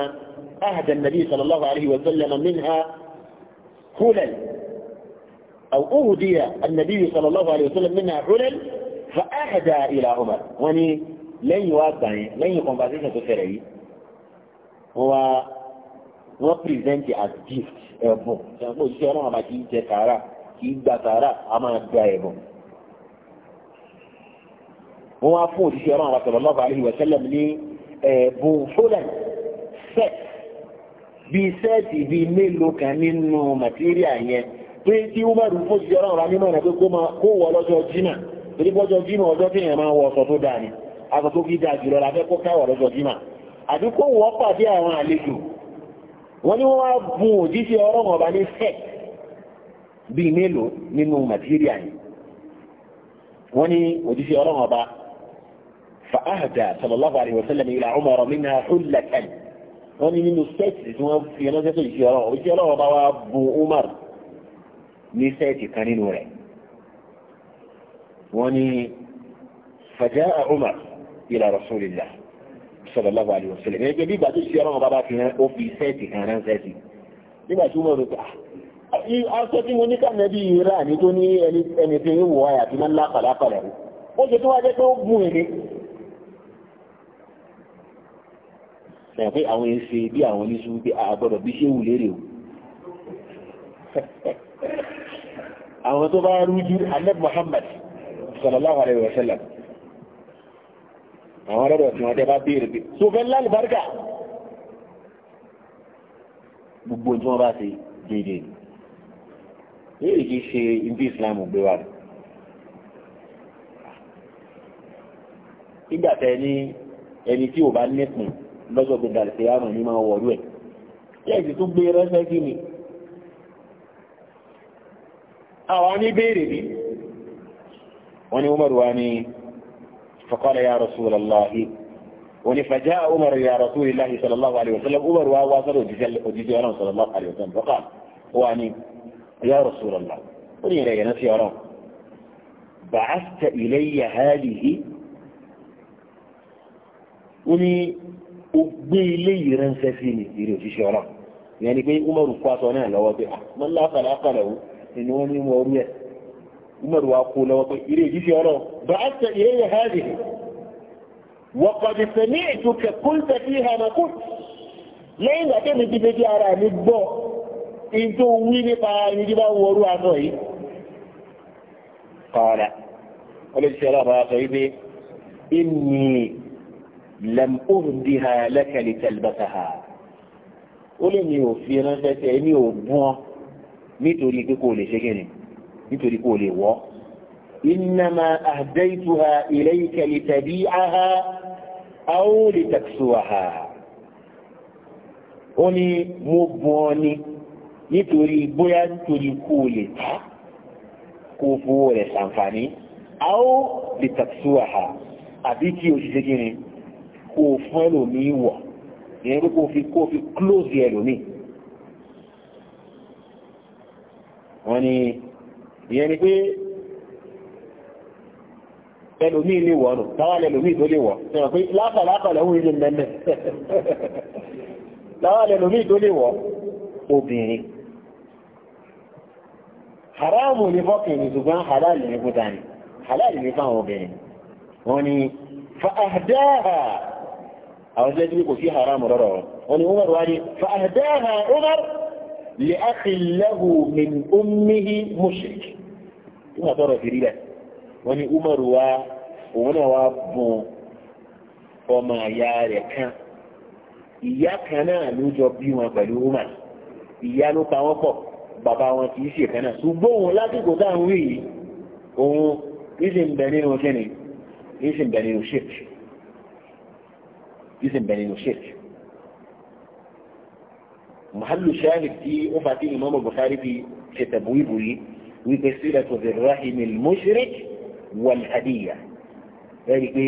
أهدى النبي صلى الله عليه وسلم منها حلل أو أهدي النبي صلى الله عليه وسلم منها حلل فأهدى إلى عمر وني لن يوقع لن يقوم بعد تسرعي wọ́n wá wọ́n present it as gift ẹ̀bùn ìyàpọ̀ òṣìṣẹ́ ọlọ́run àbá kì í jẹ tààrà kì í gba tààrà a máa gba ẹ̀bùn. wọ́n wá fún òṣìṣẹ́ ọlọ́run àbá sọ̀rọ̀ lọ́ba àlejò ẹ̀sẹ̀lẹ̀ ní ẹ̀bùn fúlẹ̀ set bíi sẹ́ẹ̀tì bíi mélòó kan nínú material yẹn pé tí wọ́n bá rú fún òṣìṣẹ́ ọlọ́run àbá nímọ̀ rẹ̀ pé kó wọ lọ́jọ́ jimá torí bọ́jọ́ jimá ọjọ́ tí èèyàn máa wọ aṣọ àbí kó wọ́n pàdé àwọn àlejò wọ́n ní wọ́n wá bùn òjíṣẹ́ ọlọ́run ọba ní sẹ́ẹ̀ bíi mélòó nínú màtíríà yìí wọ́n ní òjíṣẹ́ ọlọ́run ọba fàáhàdà sallallahu alaihi wasallam ila Umar minha hullatan wọ́n ní nínú sẹ́ẹ̀tì tí wọ́n fi ránṣẹ́ sí òjíṣẹ́ ọlọ́run òjíṣẹ́ ọlọ́run ọba wá bùn Umar ní sẹ́ẹ̀tì kan nínú rẹ̀ wọ́n ní faja'a Umar ila rasulillah sallallahu alaihi wasallam ẹgbẹ́ bí ìgbàdí ìṣẹ́ ọlọ́run bàbá fi hàn ó fi sẹ́ẹ̀tì kan ránṣẹ́ sí nígbà tí wọ́n rò pé aṣọ tí mo ní kàmẹ́ bí ra ní tó ní ẹni tí ń wọ àyà tí máa ń lápàlápàlà rẹ̀ ó ṣe tó wá jẹ́ pé ó gùn èrè sẹ́yìn pé àwọn èsè bí àwọn oníṣu pé àgbọ̀dọ̀ bí ṣé wù lérè o àwọn tó bá rújú Ahmed Muhammad sallallahu alaihi wasallam àwọn ọ̀rẹ́dọ̀ tí wọ́n tẹ́ bá béèrè pé tó fẹ́ lálùbáríkà gbogbo tí wọ́n bá ṣe déédé ní èyí ṣe ibi Islam gbé wa nígbà tẹ ní ẹni tí ò bá nípìn lọ́jọ́ gbẹ̀dà ṣe àrùn ní máa wọ̀lú ẹ̀ kí ẹ̀sì tún gbé rẹ́sẹ́ kí ni àwọn ní béèrè bí wọ́n ní Umaru wa ni. فقال يا رسول الله فجاء عمر يا رسول الله صلى الله عليه وسلم عمر وواصل وجزي ولم صلى الله عليه وسلم فقال واني يا رسول الله قل إلي نسي ولم بعثت إلي هذه وني أبي لي رنسفيني يريد في شيء يعني بي عمر فاطنان لو بيع الله لا خلاق له إن وني موريه عمر واقول وطيري جيسي أنا بعثت إلي هذه وقد سمعتك قلت فيها ما قلت لين أتمنى تبدي أرى نبو إنتو ويني فعني نجيبا وروا عطوي قال وليس الله طيبي إني لم أهدها لك لتلبسها ولم يوفي رجلك إني أبوه nítorí pé تقولي lè nítorí kó lè wọ́ innama ahdaytuha ilayka litabi'aha aw litaksuwaha ó ní mo bùn ọ ni nítorí bóyá nítorí kó lè ta kó fowó rẹ̀ ṣàǹfààní aw litaksuwaha àbí kí o ṣiṣẹ́ kí ni kó fún ẹlòmíì wọ̀ ìyẹn pé kó fi kó fi close ẹlòmíì wọ́n ní ìyẹn ni pé ẹlòmí ilé wọ̀ nù táwọn ẹlòmí tó lè wọ̀ sẹ́wọ̀n pé látàlátà lẹ́hùn ilé mẹ́mẹ́ táwọn ẹlòmí tó lè wọ̀ obìnrin haramu ni fọ́kìnrin ṣùgbọ́n halal ni fúta ni halal ni fáwọn obìnrin wọ́n ni fa'ahdáha àwọn jẹ́ tí kò sí haramu rọrọ̀ wọ́n ni umar wani fa'ahdáha umar li akhi lahu min ummihi mushrik tí wọ́n sọ̀rọ̀ sí rí rẹ̀ wọ́n ní Umaru wa òun náà wá bùn ọmọ ìyá rẹ̀ kan ìyá kan náà ló jọ bí wọn pẹ̀lú Umar ìyá ló pa wọ́n pọ̀ bàbá wọn kì í ṣe kan náà ṣùgbọ́n òun lásìkò tá à ń wí yìí òun ìsìn bẹ̀ nínú kíni ìsìn bẹ̀ nínú ṣèkì ìsìn bẹ̀ nínú ṣèkì mahallu shahid tí ó fa tí Imam Bukhari fi ṣe tẹ̀bù yìí wípé sílẹ̀ tó fi rahim al-mushrik wal-hadiyya ẹ̀rí pé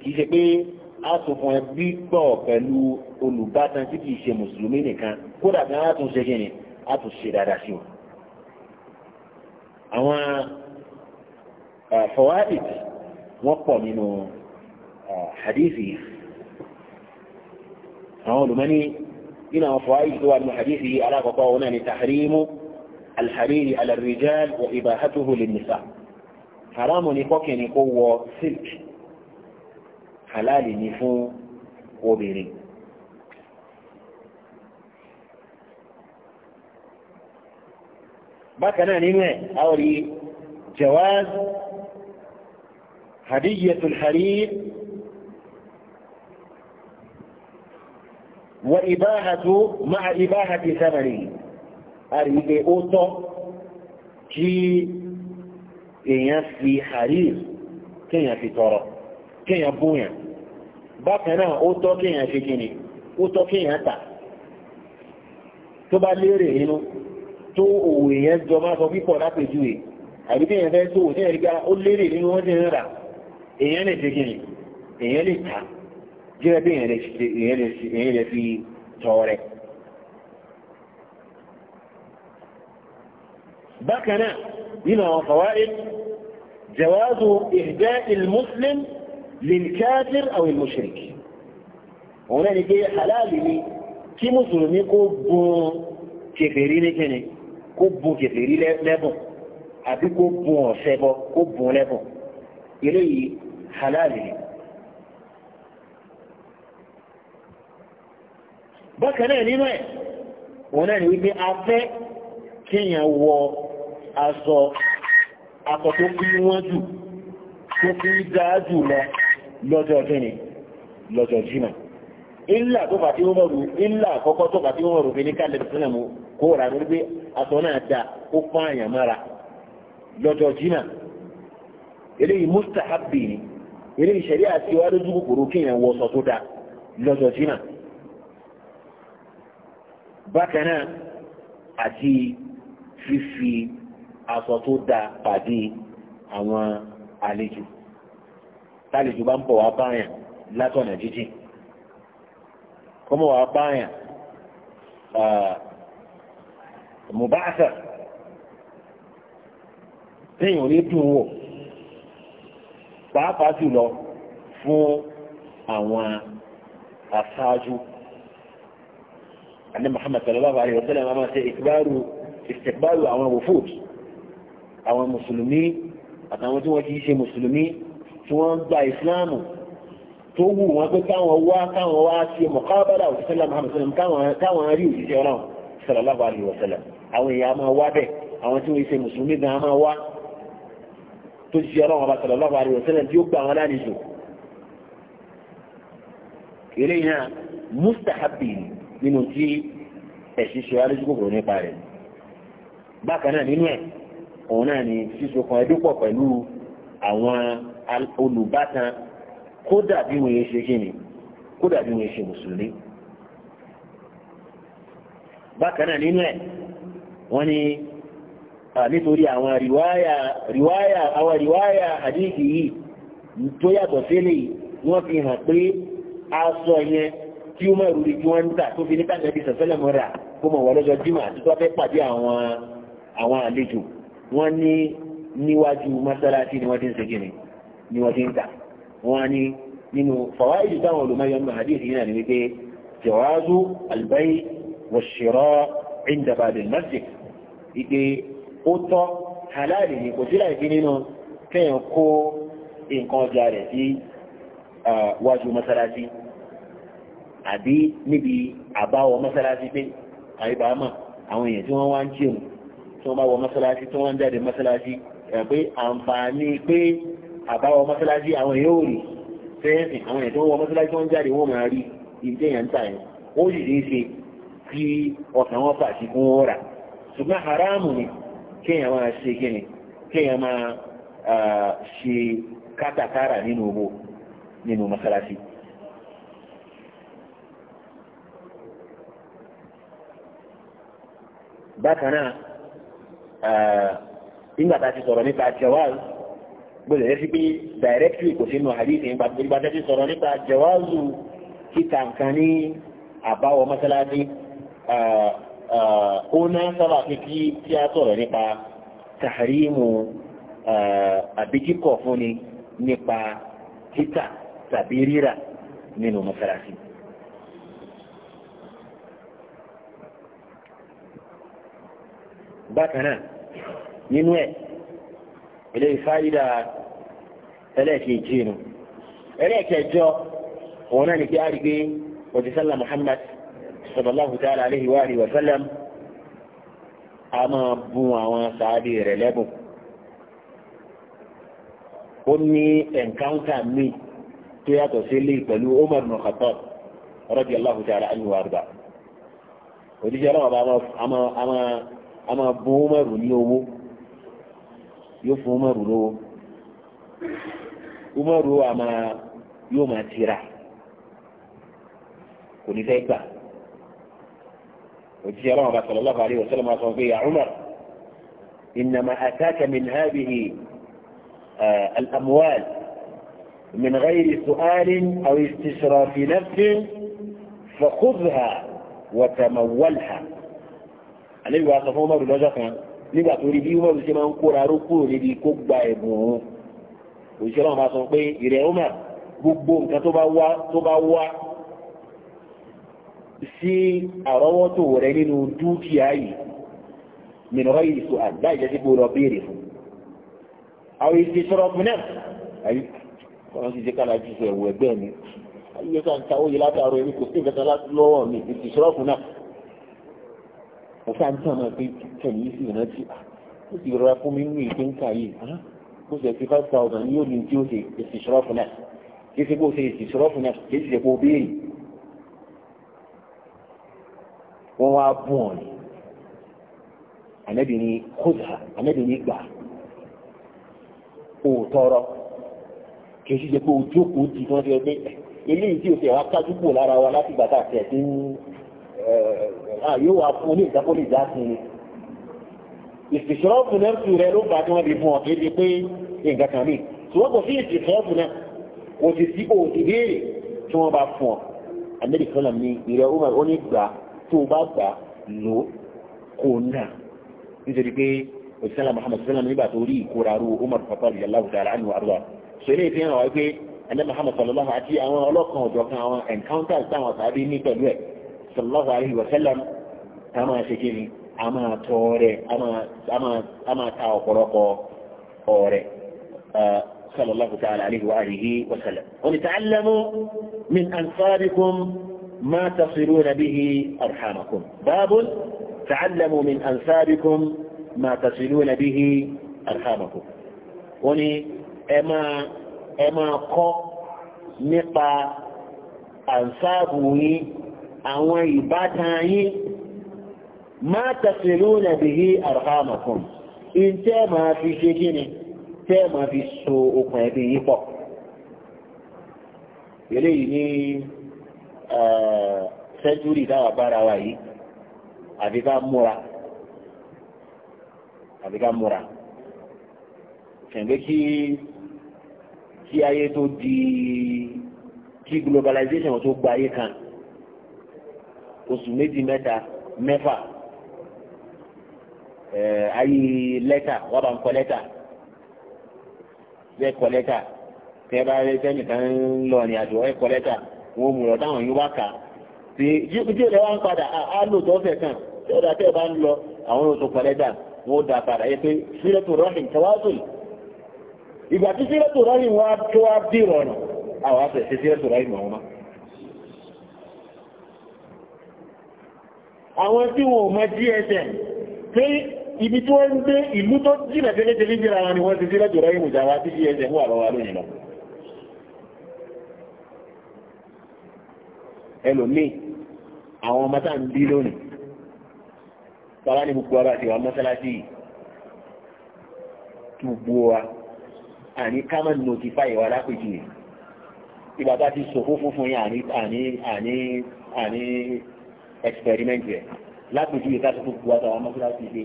kì í ṣe pé a sọ fún ẹ bí pọ̀ pẹ̀lú olùbátan tí kì í ṣe mùsùlùmí nìkan kódà bí wọ́n á tún ṣe kí ni á tún ṣe dáadáa sí wọn. àwọn fawaid wọ́n pọ̀ nínú hadithi àwọn olùmọ́ni nínú àwọn fawaid tó wà nínú hadithi alákọ̀ọ́kọ́ wọn náà ni tahrimu. الحرير على الرجال و للنساء حرام نقوك نقو سلك حلال نفو وبيري ب ك ن ا جواز هدية الحرير و مع إباهة ب ثمنه a rí pé ó tọ́ kí èèyàn fi harir kéèyàn fi tọrọ kéèyàn bóyàn bákan náà ó tọ́ kéèyàn ṣe kíni ó tọ́ kéèyàn tà tó bá lérè inú tó òwò èèyàn jọ máa sọ pípọ̀ lápèjúwe àbí kéèyàn fẹ́ tó òwò tí ẹ̀rí gbá ah, ó lérè nínú wọ́n bákanáà nínú àwọn fawaid jawazu ihda ilmuslim lilkafir aw ilmushrik òun náà ni pé halali ni kí mùsùlùmí kó bùn kèfèrí ní kíni kó bùn kèfèrí lẹ́bùn àbí kó bùn ọ̀ṣẹbọ kó bùn lẹ́bùn eléyìí halali ni bákanáà nínú ẹ̀ òun náà ni wípé afẹ́ kéèyàn wọ aṣọ aṣọ tó kí wọ́n jù tó kí dáa jù lọ lọ́jọ́ kíni lọ́jọ́ tó bàtí ó mọ̀rù ilà àkọ́kọ́ tó bàtí ó mọ̀rù fi kálẹ̀ sílẹ̀ kó rà pé aṣọ náà da ó pọ́n àyàn mára lọ́jọ́ jìnnà ni aṣọ tó dáa pàdé àwọn àlejò tálejò bá ń bọ̀ wá báyàn látọ̀nà jíjìn kọ́mọ̀ wá báyàn mùbáṣà téèyàn rí dùn wò pàápàá jùlọ fún àwọn aṣáájú àní Muhammad sallallahu alayhi wa sallam máa ṣe ìkbáru ìsìkbáru àwọn wòfóòtù àwọn mùsùlùmí àtàwọn tí wọ́n ti ṣe mùsùlùmí tí wọ́n ń gba ìsìláàmù tó wù wọ́n pé káwọn wá káwọn wá sí mọ̀kábàlá òṣìṣẹ́lá Muhammad sallam káwọn rí òṣìṣẹ́ ọlọ́run sallallahu alaihi wa sallam àwọn èèyàn máa wá bẹ̀ àwọn tí wọ́n ṣe mùsùlùmí gan máa wá tó ṣiṣẹ́ ọlọ́run ọba sallallahu alaihi wa tí ó gbà wọn lálejò eré náà mustahabi nínú tí ẹ̀ṣin ṣe wá kòkòrò nípa rẹ̀ bákan náà nínú ẹ̀ òun náà ni sísokùn ẹbí pọ̀ pẹ̀lú àwọn olùbátan kódà bí wọ́n yẹ ṣe kí ni kódà bí wọ́n ṣe mùsùlùmí. bákan náà nínú ẹ̀ wọ́n ní nítorí àwọn rìwáyà rìwáyà àwọn rìwáyà àdéhìkì yìí tó yàtọ̀ sílẹ̀ wọ́n fi hàn pé aṣọ yẹn tí ó máa rúri kí wọ́n ń tà tó fi ní káńtà sọ̀sẹ́lẹ̀ mọ́ra kó mọ̀ wọ́n lọ́jọ́ jímọ̀ àti tó fẹ́ pàdé àwọn àlejò wọ́n ní níwájú mọ́sálásí ni wọ́n ti ń ṣe kíni ni wọ́n ti ń tà wọ́n ní nínú fàwáìdì táwọn olùmọ̀yọ́ nù hadith yìí náà ni wípé jẹ̀wáàzú àlùbáyé wọ̀ṣẹ̀rọ̀ ìndàbàdì masjid ìpè ó tọ́ halal ni kò sí láìsí nínú kéèyàn kó nǹkan ọjà rẹ̀ sí wájú mọ́sálásí àbí níbi àbáwọ̀ mọ́sálásí pé àyíbáàmà àwọn èèyàn tí wọ́n wá ń jẹun tí wọ́n bá wọ mọ́sálásí tí wọ́n ń jáde mọ́sálásí ẹ̀ pé àǹfààní pé àbáwọ mọ́sálásí àwọn èèyàn ò rí fẹ́ẹ̀sìn àwọn èèyàn tó wọ mọ́sálásí wọ́n jáde wọ́n máa rí ibi èèyàn ń tà yẹn ó sì lè ṣe kí ọ̀sán wọn fàṣí fún wọn rà ṣùgbọ́n haramu ni kéèyàn máa ṣe kíni kéèyàn máa ṣe kátàkárà nínú owó nínú mọ́sálásí. bákan náà Eh, nígbà tá a ti sọ̀rọ̀ nípa jawaz gbọ́dọ̀ yẹ sí pé directory kò sínú hadith nípa nígbà tá a ti sọ̀rọ̀ nípa jawazu kíta nǹkan ní àbáwọ̀ mọ́sálásí eh, eh, ó ná sábà pé kí tí a sọ̀rọ̀ nípa tahrimu àbí kíkọ̀ fúnni nípa títà tàbí rírà nínú mọ́sálásí. bákan nínú ẹ̀ ilé ìfáyídà ẹlẹ́ẹ̀kejì nù ẹlẹ́ẹ̀kẹjọ òun náà ní kí á rí pé òjísàlá Muhammad sallallahu ta'ala alayhi wa alihi wa sallam a máa bu àwọn sàádì rẹ̀ lẹ́bùn ó ní ẹ̀ǹkáńtà míì tó yàtọ̀ sí ilé pẹ̀lú Umar bin Khattab radiyallahu ta'ala anhu wa arda òjísàlá ama máa bó mọ̀rù ní owó yóò fún mọ̀rù lówó umaru a máa yóò máa tira kò ní fẹ́ gbà òjijì aláwọ̀ bá sọ̀rọ̀ lọ́kọ̀ àríwọ̀ sọ́lọ́mọ́ sọ pé ya umar inna ma ataka min hadhihi al amwal من غير سؤال أو استشراف نفس فخذها وتمولها àlẹ́ ìwà sọ fún ọmọdù lọ́jọ́ kan nígbà tó rí bí ọmọdù ṣe máa ń kóra ró kúrò níbi kó gba ẹ̀bùn òun òṣìṣẹ́ náà máa sọ pé ìrẹ̀ ọmọ gbogbo nǹkan tó bá wá tó bá wá sí àrọ́wọ́tò rẹ nínú dúkìá yìí mìíràn yìí sọ àgbá ìjẹ́sí kó lọ béèrè fún àwọn ìṣe sọ̀rọ̀ fún náà àyè kọ́nà ti ṣe kára ju ẹ̀wù ẹgbẹ́ mi àyè sọ̀rọ̀ ta látàrọ èmi kò sí ìfẹ́ta lọ́wọ́ mi ìṣòro fún náà mo ṣáà ń tàn náà pé kẹ̀mí sì rántí ah, ó sì rọra fún mi ní ìpín ká yìí mo ṣe ti five thousand yóò ní tí ó ṣe ìṣòro fún náà kí ṣe kó ṣe ìṣòro fún náà kí ṣe kó béèrè wọ́n wá bùn ọ̀nì ànábì ní kódà ànábì ní gbà ó tọrọ kì í ṣe jẹ́ pé ojú òkú ti wọ́n ti ẹgbẹ́ eléyìí tí o ṣe wá kájú kò lára wa láti gbà tá a tẹ̀ sí ní. Eh, ah, yóò wá fún ní ìjábọ̀ lè já sí i ìsìsọ́ọ̀fù náà tù rẹ ló gbà tí wọ́n lè fún ọ di pé nǹkan kan ní ṣùgbọ́n kò sí ìsìsọ́ọ̀fù náà kò sì sí òsì béèrè tí wọ́n bá fún ọ àmì ìfọlà mi ìrẹ́ ọmọ ò ní gbà tó bá gbà lò kò náà nítorí pé òṣìṣẹ́lá Muhammad sọ́lá nígbà tó rí ìkóra rú Umar Khattab yàlláhu ta'ala anhu àrùwà sọ ilé ìfihàn wáyé pé ẹni Muhammad sallallahu àti àwọn ọlọ́kan ọ̀jọ̀kan àwọn encounters táwọn tàbí ní pẹ̀lú ẹ̀ صلى الله عليه وسلم أما máa أما توري أما أما أما تاو rẹ̀ a صلى الله تعالى عليه وآله وسلم ولتعلموا من أنصاركم ما تصلون به أرحامكم باب تعلموا من أنصاركم ما تصلون به أرحامكم وني أما أما قو نقا أنصابوني àwọn ìbátan yín máa tàfẹ̀lú nàbí yí àrùhámàkùn in tẹ́ máa fi ṣe gíní tẹ́ máa fi so okùn ẹbí yí pọ̀ eléyìí ní sẹ́ńtúrì táwà bára wa yìí àbí ká múra àbí ká múra ṣẹ̀ǹgbẹ́ kí kí ayé tó di kí globalization tó gba ayé kan. oṣù méjì mẹ́ta mẹ́fà ẹ̀ẹ́ ayé lẹ́tà wọ́n bá ń kọ lẹ́tà bẹ́ẹ̀ kọ lẹ́tà tẹ́ bá rẹ sẹ́nìkan ń lọ ní àjọ ẹ̀ kọ lẹ́tà a mú lọ táwọn yóò wá kà á tí jíjẹ́ rẹ̀ wá ń padà á lò tó fẹ̀ kàn tí ó dá tẹ́ bá ń lọ àwọn oṣù kọ lẹ́tà wọ́n dá padà yẹ pé àwọn tí wọn ò mọ gsm pé ibi tí wọ́n ń gbé ìlú tó jìnà tẹ́lẹ́tẹ́lẹ́ jìnà wọn ni wọ́n ti sí lọ́jọ́ rẹ̀ ìmùjà wá tí gsm wà lọ́wọ́ lónìí lọ ẹlòmíì àwọn ọmọ tá à ń bí lónìí tọ́lá ní gbogbo ọba àti ìwà ẹ̀sìpẹ̀rímẹ́ǹtì rẹ̀ lápèjú yìí káṣí gbogbo àtàwọn ọmọ kíláàsì ṣe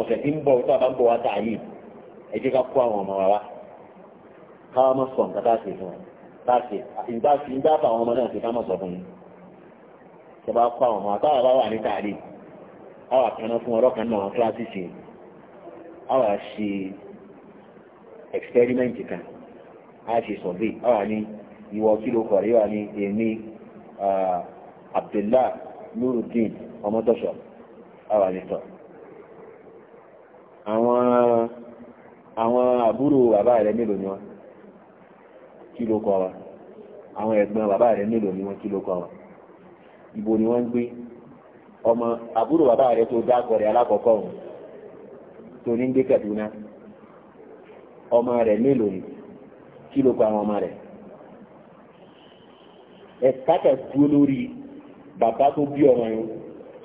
ọ̀sẹ̀ tí ń bọ̀ tó àbá ń bọ̀ wá tà yìí ẹ jẹ́ ká kó àwọn ọmọ wa wá káwá mọ̀ sọ̀ nǹkan táà ṣe fún wọn táà ṣe ìgbà tí ń dábàá àwọn ọmọ náà ṣe ká mọ̀ sọ fún yín tó bá kó àwọn ọmọ àtàwọn bá wà ní tààrí àwọn àkànná fún ọlọ́ kan náà kíláàsì ṣe àwọn àṣe ẹ̀sìpẹ̀rímẹ́ǹtì kan a ṣe sọ̀bí àwọn ní ìwọ kílò kọ̀ọ̀rẹ́ wà ní Abdullahi Nurudeen ọmọdọ́ṣọ́ àwọn àlejò àwọn àwọn àbúrò bàbá rẹ̀ mélòó ni wọ́n kí ló kọ́ wa àwọn ẹ̀gbọ́n bàbá rẹ̀ mélòó ni wọ́n kí ló kọ́ wa ibo ni wọ́n ń gbé ọmọ àbúrò bàbá rẹ̀ tó dákọ̀ rẹ̀ alákọ̀ọ́kọ́ òun tó ní gbé Kaduna ọmọ rẹ̀ mélòó ni kí ló kọ́ àwọn ọmọ rẹ̀ ẹ̀ka kẹ̀ dúró lórí bàbá tó bí ọmọ yẹn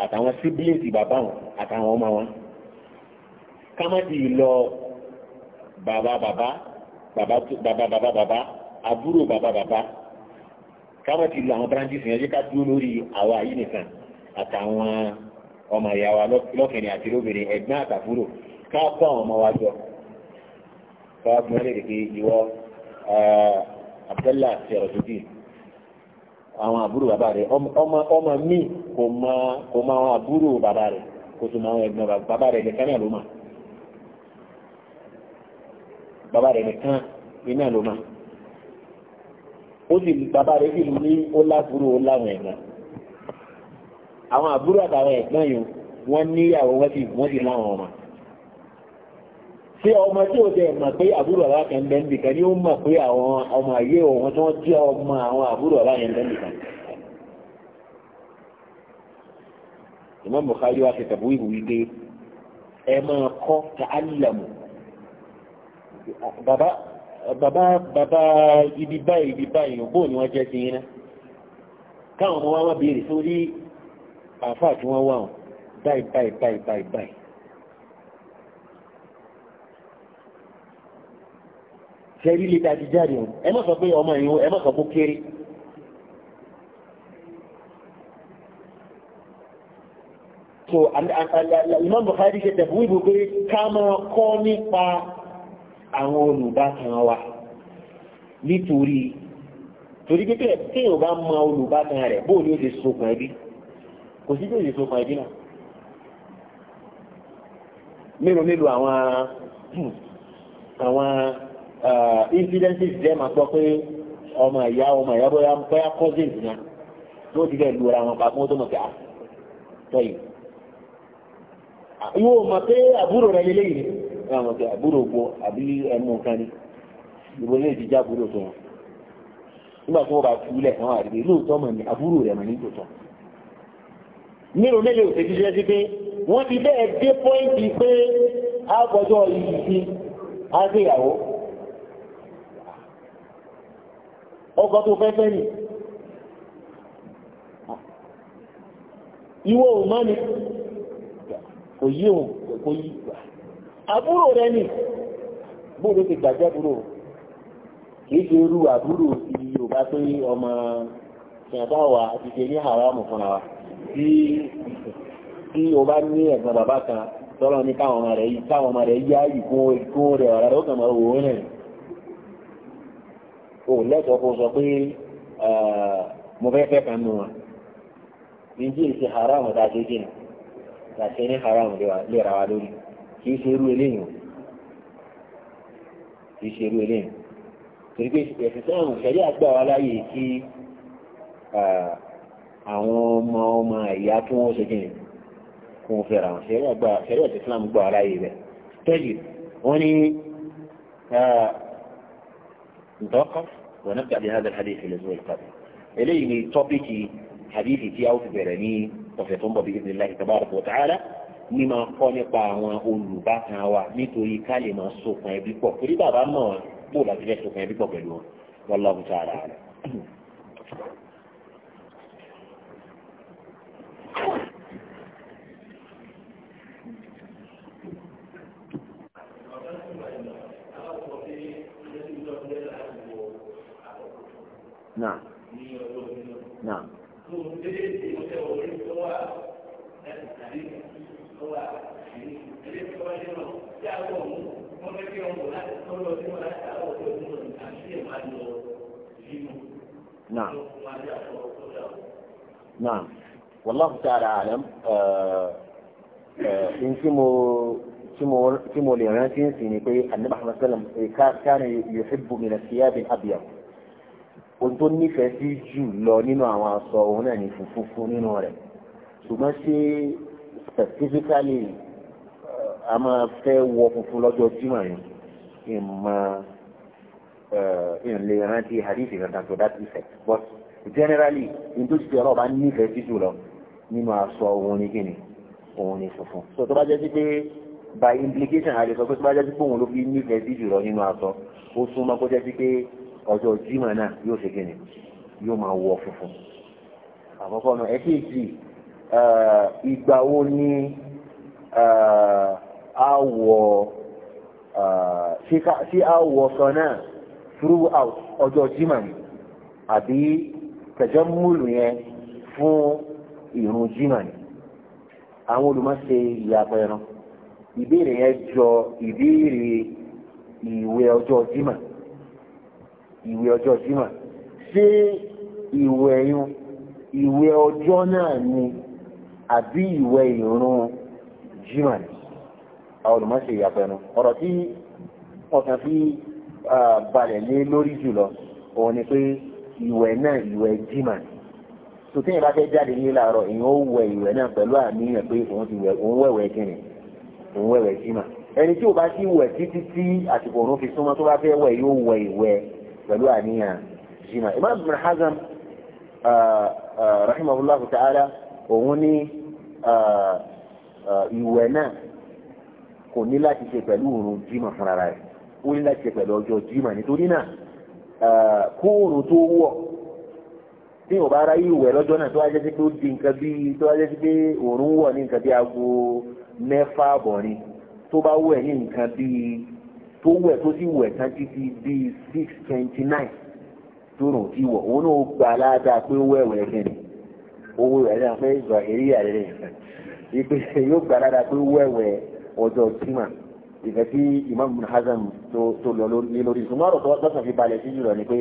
àtàwọn siblings bàbá wọn àtàwọn ọmọ wọn kámẹ́tì lọ bàbá bàbá bàbá bàbá bàbá bàbá àbúrò bàbá bàbá kámẹ́tì lọ àwọn branches yẹn jẹ́ ká dúró lórí àwa yìí nìkan àtàwọn ọmọ ìyá wa lọ́kùnrin àti lóbìnrin ẹ̀gbọ́n àtàbúrò ká kọ́ àwọn ọmọ wa jọ káwá fún ẹ lè dèké ìwọ Abdullahi ṣe ọ̀ṣun àwọn àbúrò bàbá rẹ̀ ọmọ mi kò mọ àwọn àbúrò bàbá rẹ̀ kò sì mọ àwọn ẹ̀gbọ́n bàbá rẹ̀ nìkan náà ló mà bàbá rẹ̀ nìkan iná ló mà ó sì bàbá rẹ̀ sì ní ó lábúrò ó láwọn ẹ̀gbọ́n àwọn àbúrò àtàwọn ẹ̀gbọ́n yìí wọ́n níyàwó wọ́n sì láwọn ọmọ tí ọmọ tí ó jẹ́ mọ̀ pé àbúrò ọ̀rá kan bẹ́ẹ̀ nìkan ni ó mọ̀ pé àwọn ọmọ ayé òun tó jẹ́ ọmọ àwọn àbúrò ọ̀rá yẹn bẹ́ẹ̀ nìkan. Imam Bukhari wa kẹta bóyá ìwé dé ẹ máa kọ́ ta álàmù. Bàbá bàbá bàbá ibi báyìí ibi báyìí bó ni wọ́n jẹ́ sí yín ná. Káwọn ọmọ wa wá béèrè sórí àáfàá tí wọ́n wà wọn báyìí báyìí báyìí báyìí. ṣẹ́rí lè dájú jáde o ẹ má sọ pé ọmọ yìí o ẹ má sọ pé ó kéré. so Imam Bukhari ṣe tẹ̀bú ìbò pé ká máa kọ́ nípa àwọn olùbátan wa nítorí torí pé téèyàn bá mọ olùbátan rẹ̀ bóò ni ó lè sokùn ẹbí kò sí bóò lè sokùn ẹbí náà mélòó mélòó àwọn hmm, àwọn. Eh, incidences jẹ́ máa sọ pé ọmọ ìyá ọmọ ìyá bóyá bóyá cousins náà tó ti dẹ̀ lura wọn papọ̀ tó mọ̀ pé à ah, yìí. Ah, ìwọ mọ̀ pé àbúrò rẹ lélẹ́yìn ni wọ́n mọ̀ pé àbúrò gbọ́ àbí ẹmu kan ni ìbò lè ti já àbúrò tó wọn. nígbà tí wọ́n bá fi ilẹ̀ wọn àdìgbé lóòótọ́ mọ̀ ní àbúrò rẹ̀ mọ̀ ní tòótọ́. mélòó mélòó ṣe ti ṣe pé wọ́n ti bẹ́ẹ̀ dé pọ́ìntì pé àgbọ̀jọ́ yìí sí ìyàwó ọkọ tó fẹ́fẹ́ nì ìwọ ò mọ́ ni kò yí òun kò yí àbúrò rẹ nì bóòdó ti gbàjẹ́ àbúrò kìí ṣe irú àbúrò ti Yorùbá pé ọmọ ìyàbá wa àti ṣe ní haramu fúnra wa tí tí o bá ní ẹ̀gbọ́n bàbá kan tọ́lọ́ ní káwọn ọmọ rẹ̀ yí káwọn ọmọ rẹ̀ yí ayì kún rẹ̀ ọ̀rẹ́ ó kàn máa wò ó rẹ̀ o lẹ́tọ̀ọ́ kó sọ pé mo fẹ́ fẹ́ kan nù wọn ìdí ìṣe haram ta ṣe jìnnà ta ṣe ní haram lè ra wa lórí kì í ṣe irú eléyìí kì í ṣe irú eléyìí torí pé ẹ̀sìn sáàmù ṣẹlẹ̀ àgbà wa láàyè kí àwọn ọmọ ọmọ ìyá tí wọ́n ṣe jìnnà kò ń fẹ́ra wọn ṣẹlẹ̀ àgbà ṣẹlẹ̀ ẹ̀sìn sáàmù gbà wa láàyè rẹ̀ tẹ́jú wọ́n ní. نتوقف ونبدأ بهذا الحديث في الأسبوع القادم إليه توبيكي حديثي في أوف بيراني وفي طنبة بإذن الله تبارك وتعالى mímọ kọ́ nípa àwọn olùbátan wa nítorí ká lè máa sokùn ẹbí pọ̀ torí bàbá mọ̀ bó láti fẹ́ sokùn ẹbí pọ̀ pẹ̀lú wọn wọ́n lọ́ọ̀bù tó ara rẹ̀. نعم نعم نعم نعم والله تعالى اعلم آه، آه، ان كيمو كيمو كان يحب من الثياب الابيض ohun tó nífẹ̀ẹ́ sí jù lọ nínú àwọn aṣọ òun náà ní funfun fún nínú rẹ̀ ṣùgbọ́n ṣé specifically eh, a máa fẹ́ wọ funfun lọ́jọ́ Jímọ̀ yẹn ìmọ̀ ìrìnlẹ̀ eh, rántí hadith ìrìnàjò to that effect but generally in tó ti fi ọlọ́ọ̀bá nífẹ̀ẹ́ sí jù lọ nínú aṣọ òun ní kíni òun ní funfun so tó bá jẹ́ sí pé by implication a lè sọ pé tó bá jẹ́ sí pé òun ló fi nífẹ̀ẹ́ sí jù lọ nínú aṣọ ó súnmọ́ kó jẹ́ sí pé ọjọ́ jimá náà yóò ṣe kíni yóò máa wọ funfun àkọ́kọ́ náà ẹ̀kejì eh, ìgbà wo ni àwọ̀ sí àwọ̀ kan náà throughout ọjọ́ jimá ni àbí tajammulu yẹn fún ìrun jimá ni àwọn olùmọ̀ṣe ìyàpẹ̀ ẹran ìbéèrè yẹn jọ ìbéèrè ìwé ọjọ́ jimá ni ìwẹ̀ ọjọ́ jímọ̀ ṣé ìwẹ̀ ẹ̀yún ìwẹ̀ ọjọ́ náà ni àbí ìwẹ̀ ìrun jímọ̀ ni àwọn olùmọ̀ṣe ìyàpẹ̀nu ọ̀rọ̀ tí ọkàn fi balẹ̀ lé lórí jùlọ òun ni pé ìwẹ̀ náà ìwẹ̀ jímọ̀ ni sòtí yẹn bá fẹ́ jáde ní làárọ̀ èèyàn ó wẹ ìwẹ̀ náà pẹ̀lú àníyàn pé òun ti wẹ̀ òun wẹ̀wẹ̀ kìnnì òun wẹ̀wẹ̀ jímọ̀ ẹni tí ò bá sí wẹ̀ títí tí àsìkò òun fi súnmọ́ tó bá fẹ́ wẹ̀ yóò wẹ ìwẹ̀ pẹ̀lú àníyàn jimá imam ibn hazm rahimahullahu ta'ala òun ní ìwẹ̀ náà kò ní láti ṣe pẹ̀lú òun jimá fúnra rẹ̀ ó ní láti ṣe pẹ̀lú ọjọ́ jimá nítorí náà kóòrùn tó wọ̀ tí ò bá ráyè ìwẹ̀ lọ́jọ́ náà tó wá jẹ́ sí pé ó di nǹkan bí tó wá jẹ́ sí pé òòrùn wọ̀ ní nǹkan bí aago mẹ́fà àbọ̀ ni tó bá wọ̀ ní nǹkan bíi tó wẹ̀ tó sì wẹ̀ tán títí bíi six twenty nine tó rùn tí wọ̀ òun náà gba aládàá pé ó wẹ̀wẹ̀ kẹ́ni owó rẹ̀ náà fẹ́ ìgbà èrí àrẹ̀ ìpè yóò gba aládàá pé ó wẹ̀wẹ̀ ọjọ́ tíma ìfẹ́ tí Imam Ibn Hazm tó lọ lé lórí ìsúnmọ́ ọ̀rọ̀ tó lọ́sàn fi balẹ̀ sí jùlọ ni pé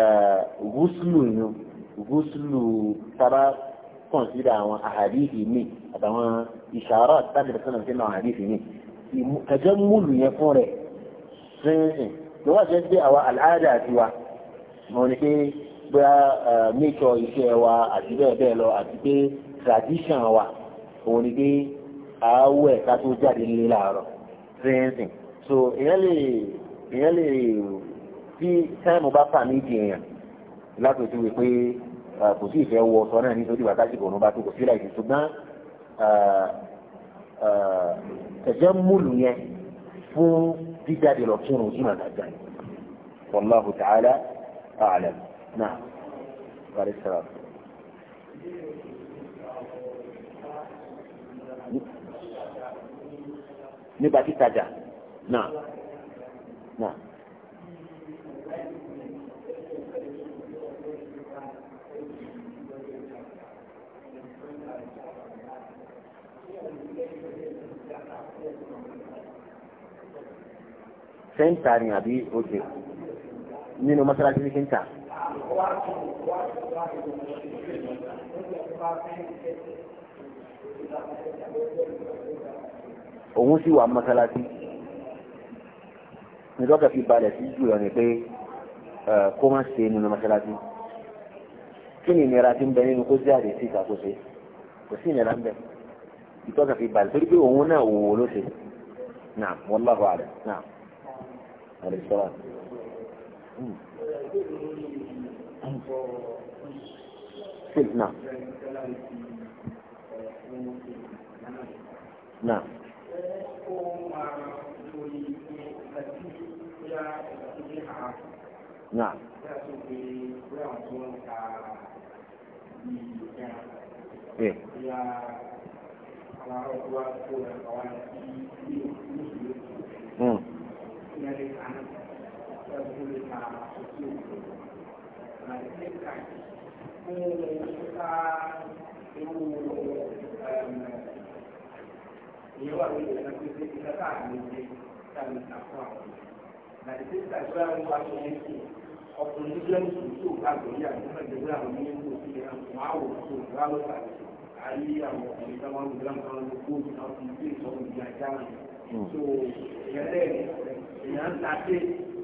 eh, gúúsùlù yìí gúúsùlù sábà kọ̀nsídà àwọn àhàdìsì mi àtàwọn ìṣàrọ̀ tábìlì sọ̀nà sínú àhàdìsì mi ẹ̀jẹ̀ múlù yẹn fún rẹ̀ sínsìn ni wọ́n ṣe ń gbé àwa àlàáda àti wa mo ní pé bóyá méjọ iṣẹ́ wa àti bẹ́ẹ̀ bẹ́ẹ̀ lọ àti pé tradition wa òun ni pé àáwẹ̀ ká tó jáde nílé láàárọ̀ sínsìn so èèyàn lè èèyàn lè tí táìmù bá fà méjì èèyàn látòjú wípé kò sí ìfẹ́ wọ ọ̀sán náà nítorí wákàtí kò ní bá tó kò sí láìsí ṣùgbọ́n ẹ̀jẹ̀ múlù yẹn fún jíjáde lọ kírun jìnnà dàgbà ni wàláhu ta'ala a'lam náà bàrẹ sọ̀rọ̀. nípa títajà náà náà. sẹ́ńtà ni àbí òde nínú mọ́sálásí ní sẹ́ńtà. òun sì wà mọ́sálásí nítọ́ka fi balẹ̀ sí jùlọ ni pé kó má ṣe nínú mọ́sálásí kí ni ìnira ti ń bẹ nínú kó jáde sí ìṣàkóso kò sí ìnira ń bẹ ìtọ́ka fi balẹ̀ torí pé òun náà òwò ló ṣe náà wallahu a'lam náà. عليه السلام نعم نعم نعم ايه امم mereka itu. Mereka mereka itu Nyawa ini dengan kita kita tak mungkin kami tak faham. Nah, itu tak sudah membuat ini. Oknum yang susu kalau yang kita dengar minggu yang mau susu kalau tak ayé àwọn ìgbà wọn gbà kan ló kó àwọn ìgbésọ̀ ìgbà jáde. So ìyẹn lẹ́yìn ìyẹn ń ta dé.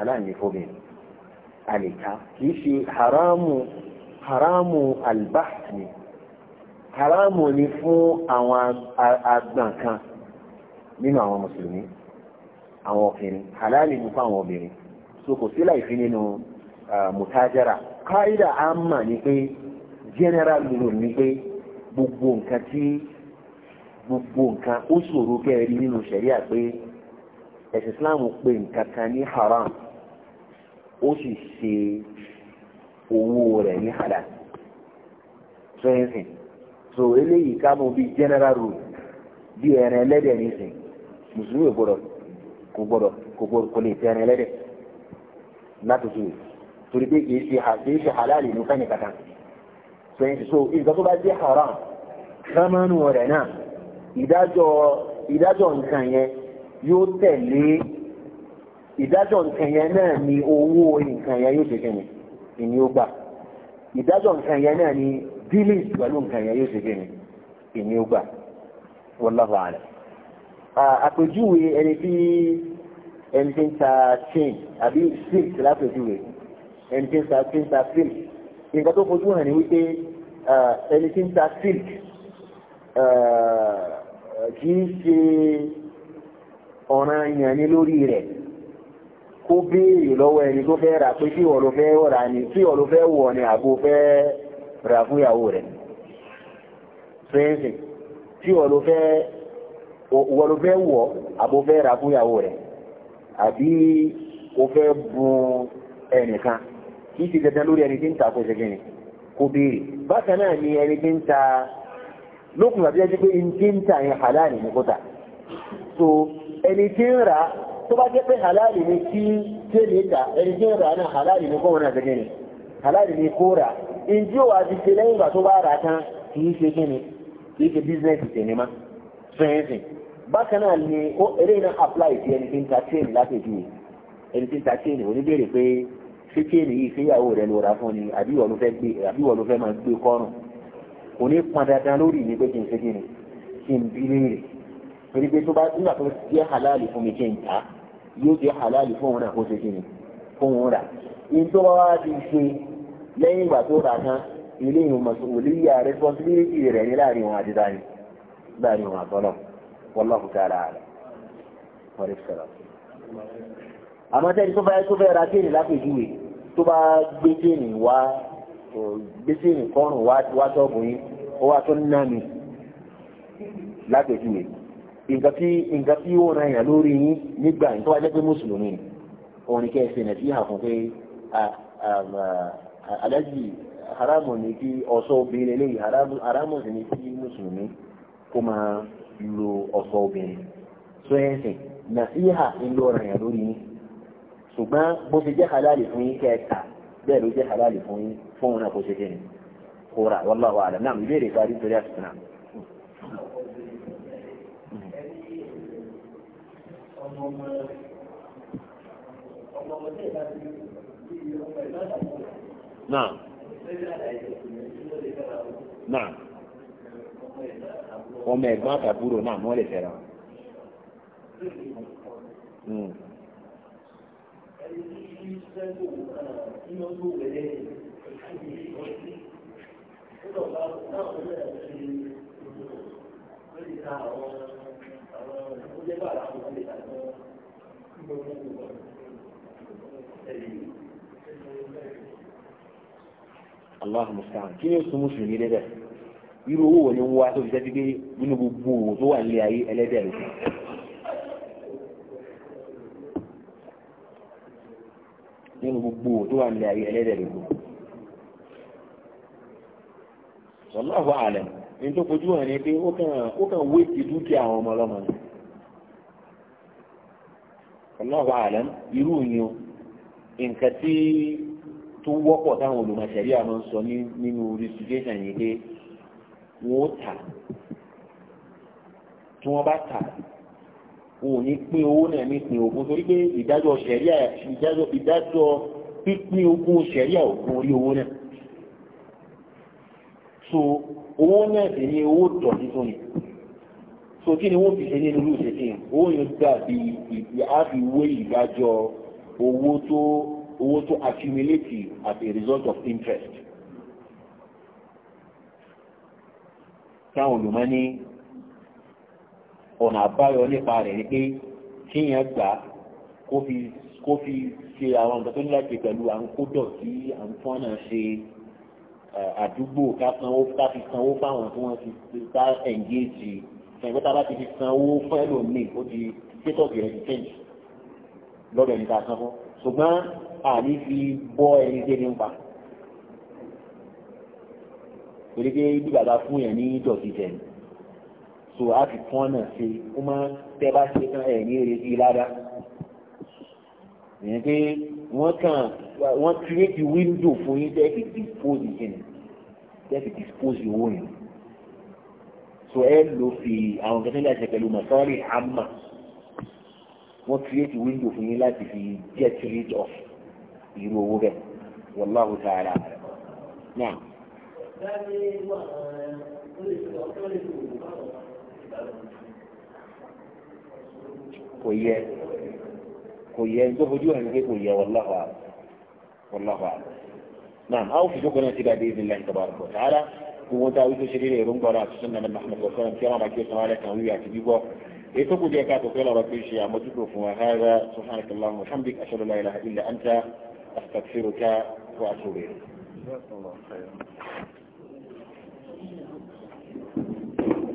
aláàní fóbìn àlèká kìí ṣe haramu haramu albáàtì haramu ni fún àwọn agbọ̀n kan nínú àwọn mùsùlùmí àwọn ọkùnrin halali ni fún àwọn obìnrin so kò sí láìfi nínú mutajara káìdà àmà ni pé general rule ni pé gbogbo nǹkan tí gbogbo nǹkan ó ṣòro kẹrin nínú ṣẹ̀ríà pé ẹ̀sìn islam pé nǹkan kan ní haram ó sì ṣe owó rẹ̀ ní halal fẹ́ǹsìn so eléyìí ká mọ̀ bí general rule bí ẹran ẹlẹ́dẹ̀ nísìn mùsùlùmí gbọ́dọ̀ kò gbọ́dọ̀ kò gbọ́dọ̀ kò lè tẹ ẹran ẹlẹ́dẹ̀ láti ṣe torí pé kìí ṣe kìí ṣe halal ní fẹ́ǹsìn kankan fẹ́ǹsìn so nǹkan tó bá jẹ́ haram sámánù rẹ̀ náà ìdájọ́ ìdájọ́ nǹkan yẹn yóò tẹ̀lé ìdájọ́ nǹkan yẹn náà ni owó nǹkan yẹn yóò ṣe kí ni ìní ó gbà ìdájọ́ nǹkan yẹn náà ni dílì pẹ̀lú nǹkan yẹn yóò ṣe kí ni ìní ó gbà wallahu a'lam. àpèjúwe ẹni tí ẹni tí ń ta chain àbí silk lápèjúwe ẹni tí ń ta tí ta silk nǹkan tó fojú hàn ní wípé ẹni tí ń ta silk kì í ṣe ọ̀ràn yàn ní lórí rẹ̀ kó béèrè lọ́wọ́ ẹni tó fẹ́ rà pé tí wọ́n ló fẹ́ rà ní tí wọ́n ló fẹ́ wọ̀ ní àbò fẹ́ rà fún ìyàwó rẹ̀ fẹ́ẹ̀sì tí wọ́n ló fẹ́ wọ̀ àbò fẹ́ rà fún ìyàwó rẹ̀ àbí o fẹ́ bùn ẹnìkan kí ti dandan lórí ẹni tí ń ta kó ṣe kó béèrè bákan náà ni ẹni tí ń ta lókùn àbí ẹni tí ń ta yẹn halal ní so ẹni tí ń rà tó bá jẹ́ pé halali ni kí tẹ́lẹ̀ ta ẹni tí ń náà halali ni kóhun náà ṣe kíni halali ni kó rà ìdí òwà ti ṣe lẹ́yìn ìgbà tó bá rà tán kì í ṣe kíni kì í ṣe bísínẹ́sì tẹ̀ ní ma bákan náà ni ó eléyìí náà apply sí ẹni tí ń ta chain látẹ̀jú ẹni tí ń ta chain oníbèrè pé ṣé chain yìí ṣéyàwó rẹ ló fún ni àbí ìwọ ló fẹ́ máa gbé kọ́rùn kò pọn dandan lórí mi pé kí n ṣe kíni kí n bí léèrè torí pé tó bá nígbà halali fún mi kí n ta á yóò jẹ́ halal fóun náà kó ṣe kí ni fóun rà nítorí wọ́n wá ti ṣe lẹ́yìn ìgbà tó rà tán ilé ìwọ̀n mọ̀sùlùmíyà responsibility rẹ̀ ní láàrin wọn àti dání láàrin wọn àtọ́lọ̀ wọlọ́kù kára rẹ̀ wọ́n rí sọ̀rọ̀. àmọ́ tẹ́ni tó fẹ́ tó fẹ́ ra téèni lápèjúwe tó bá gbé téèni wá gbé téèni kọ́rùn wá tọ́ọ̀bù yín ó wá tó ń ná mi lápèjúwe nǹkan tí nǹkan tí ó ran èèyàn lórí yín nígbà yín tó wá jẹ́ pé mùsùlùmí òun ni kẹ́ẹ̀sì nà sí àfún pé alájì haramu ni kí ọ̀ṣọ́ obìnrin eléyìí haramu sì ni kí mùsùlùmí kó máa lo ọ̀ṣọ́ obìnrin tó yẹn sìn nà sí ìhà ń lo ran èèyàn lórí yín ṣùgbọ́n bó ṣe jẹ́ halali fún yín kẹ́ẹ̀ta bẹ́ẹ̀ ló jẹ́ halali fún yín fún òun náà kó ṣe kéde kó ra wallahu náà ìbéèrè sáré torí àṣìṣe náà. ọmọ náà ọmọ ẹ̀gbọ́n àtàbúrò náà wọ́n lè fẹ́ra wọn. Hmm allah mustahan kí ni oṣù mùsùlùmí débẹ̀ irú owó wo ni ń wá tó fi sẹ́tí pé nínú gbogbo òwò tó wà nílé ayé ẹlẹ́dẹ̀ rẹ̀ nínú gbogbo òwò tó wà nílé ayé ẹlẹ́dẹ̀ rẹ̀ kù. sọláhùn àlẹ́ ní tó fojú hàn ní pé ó kàn wé ti dúkìá àwọn ọmọ ọlọ́mọ yẹn. Allahu alam irú yìí o nǹkan tí tó wọ́pọ̀ táwọn olùmọ̀ṣẹ̀rí àmọ́ ń sọ nínú restitution yìí pé wọ́n ó tà tí wọ́n bá tà wọn ò ní pín owó náà ní pín ogún torí pé ìdájọ́ ṣẹ̀ríà ìdájọ́ ìdájọ́ pípín ogún ṣẹ̀ríà ogún orí owó náà so owó náà sì ni owó dọ̀tí tó so kí ni wọ́n fi ṣe nínú ìṣe kí n owó yẹn gbà bí ìgbé àfiwé ìdájọ́ owó tó owó tó accumulate as a result of interest. táwọn olùmọ̀ ní ọ̀nà àbáyọ nípa rẹ̀ ni pé kí yẹn gbà kó fi kó fi ṣe àwọn nǹkan tó ní láti pẹ̀lú à ń kó dọ̀tí à ń fọ́n náà ṣe àdúgbò ká sanwó fi sanwó fáwọn tí wọ́n ti ta engage ẹ̀gbẹ́ tá a bá ti fi san owó fún ẹlòmíì ó ti sétọ̀sì rẹ̀ ti change lọ́dọ̀ ẹni tá a san fún ṣùgbọ́n àní fi bọ́ ẹni tí ní pa torí pé bí fún yẹn ní dọ̀tí jẹ ni so a fi fún ọ̀nà ṣe ó máa tẹ́ bá ṣe tán ẹ̀ ní èrè sí lára ìyẹn pé wọ́n kàn wọ́n create window fún yín tẹ́ fi dispose yìí tẹ́ fi dispose owó yẹn. سؤال له في او غنيلا تكلم صالح عما what create window في غنيلا في get rid of يروه وغن والله تعالى نعم كوية كوية انتو هجوها نحي كوية والله أعلم والله أعلم نعم أو في شكرا نتبع بإذن الله تبارك وتعالى kuwota wiso sirire rungora atusunna na muhammad wa sallam kira ma kesa wala kan wiya ti bibo e to ku je ka to kala rabbi shi amma tuko fu wa hada subhanaka allahumma wa hamdik ashhadu la ilaha illa anta astaghfiruka wa atubu ilayk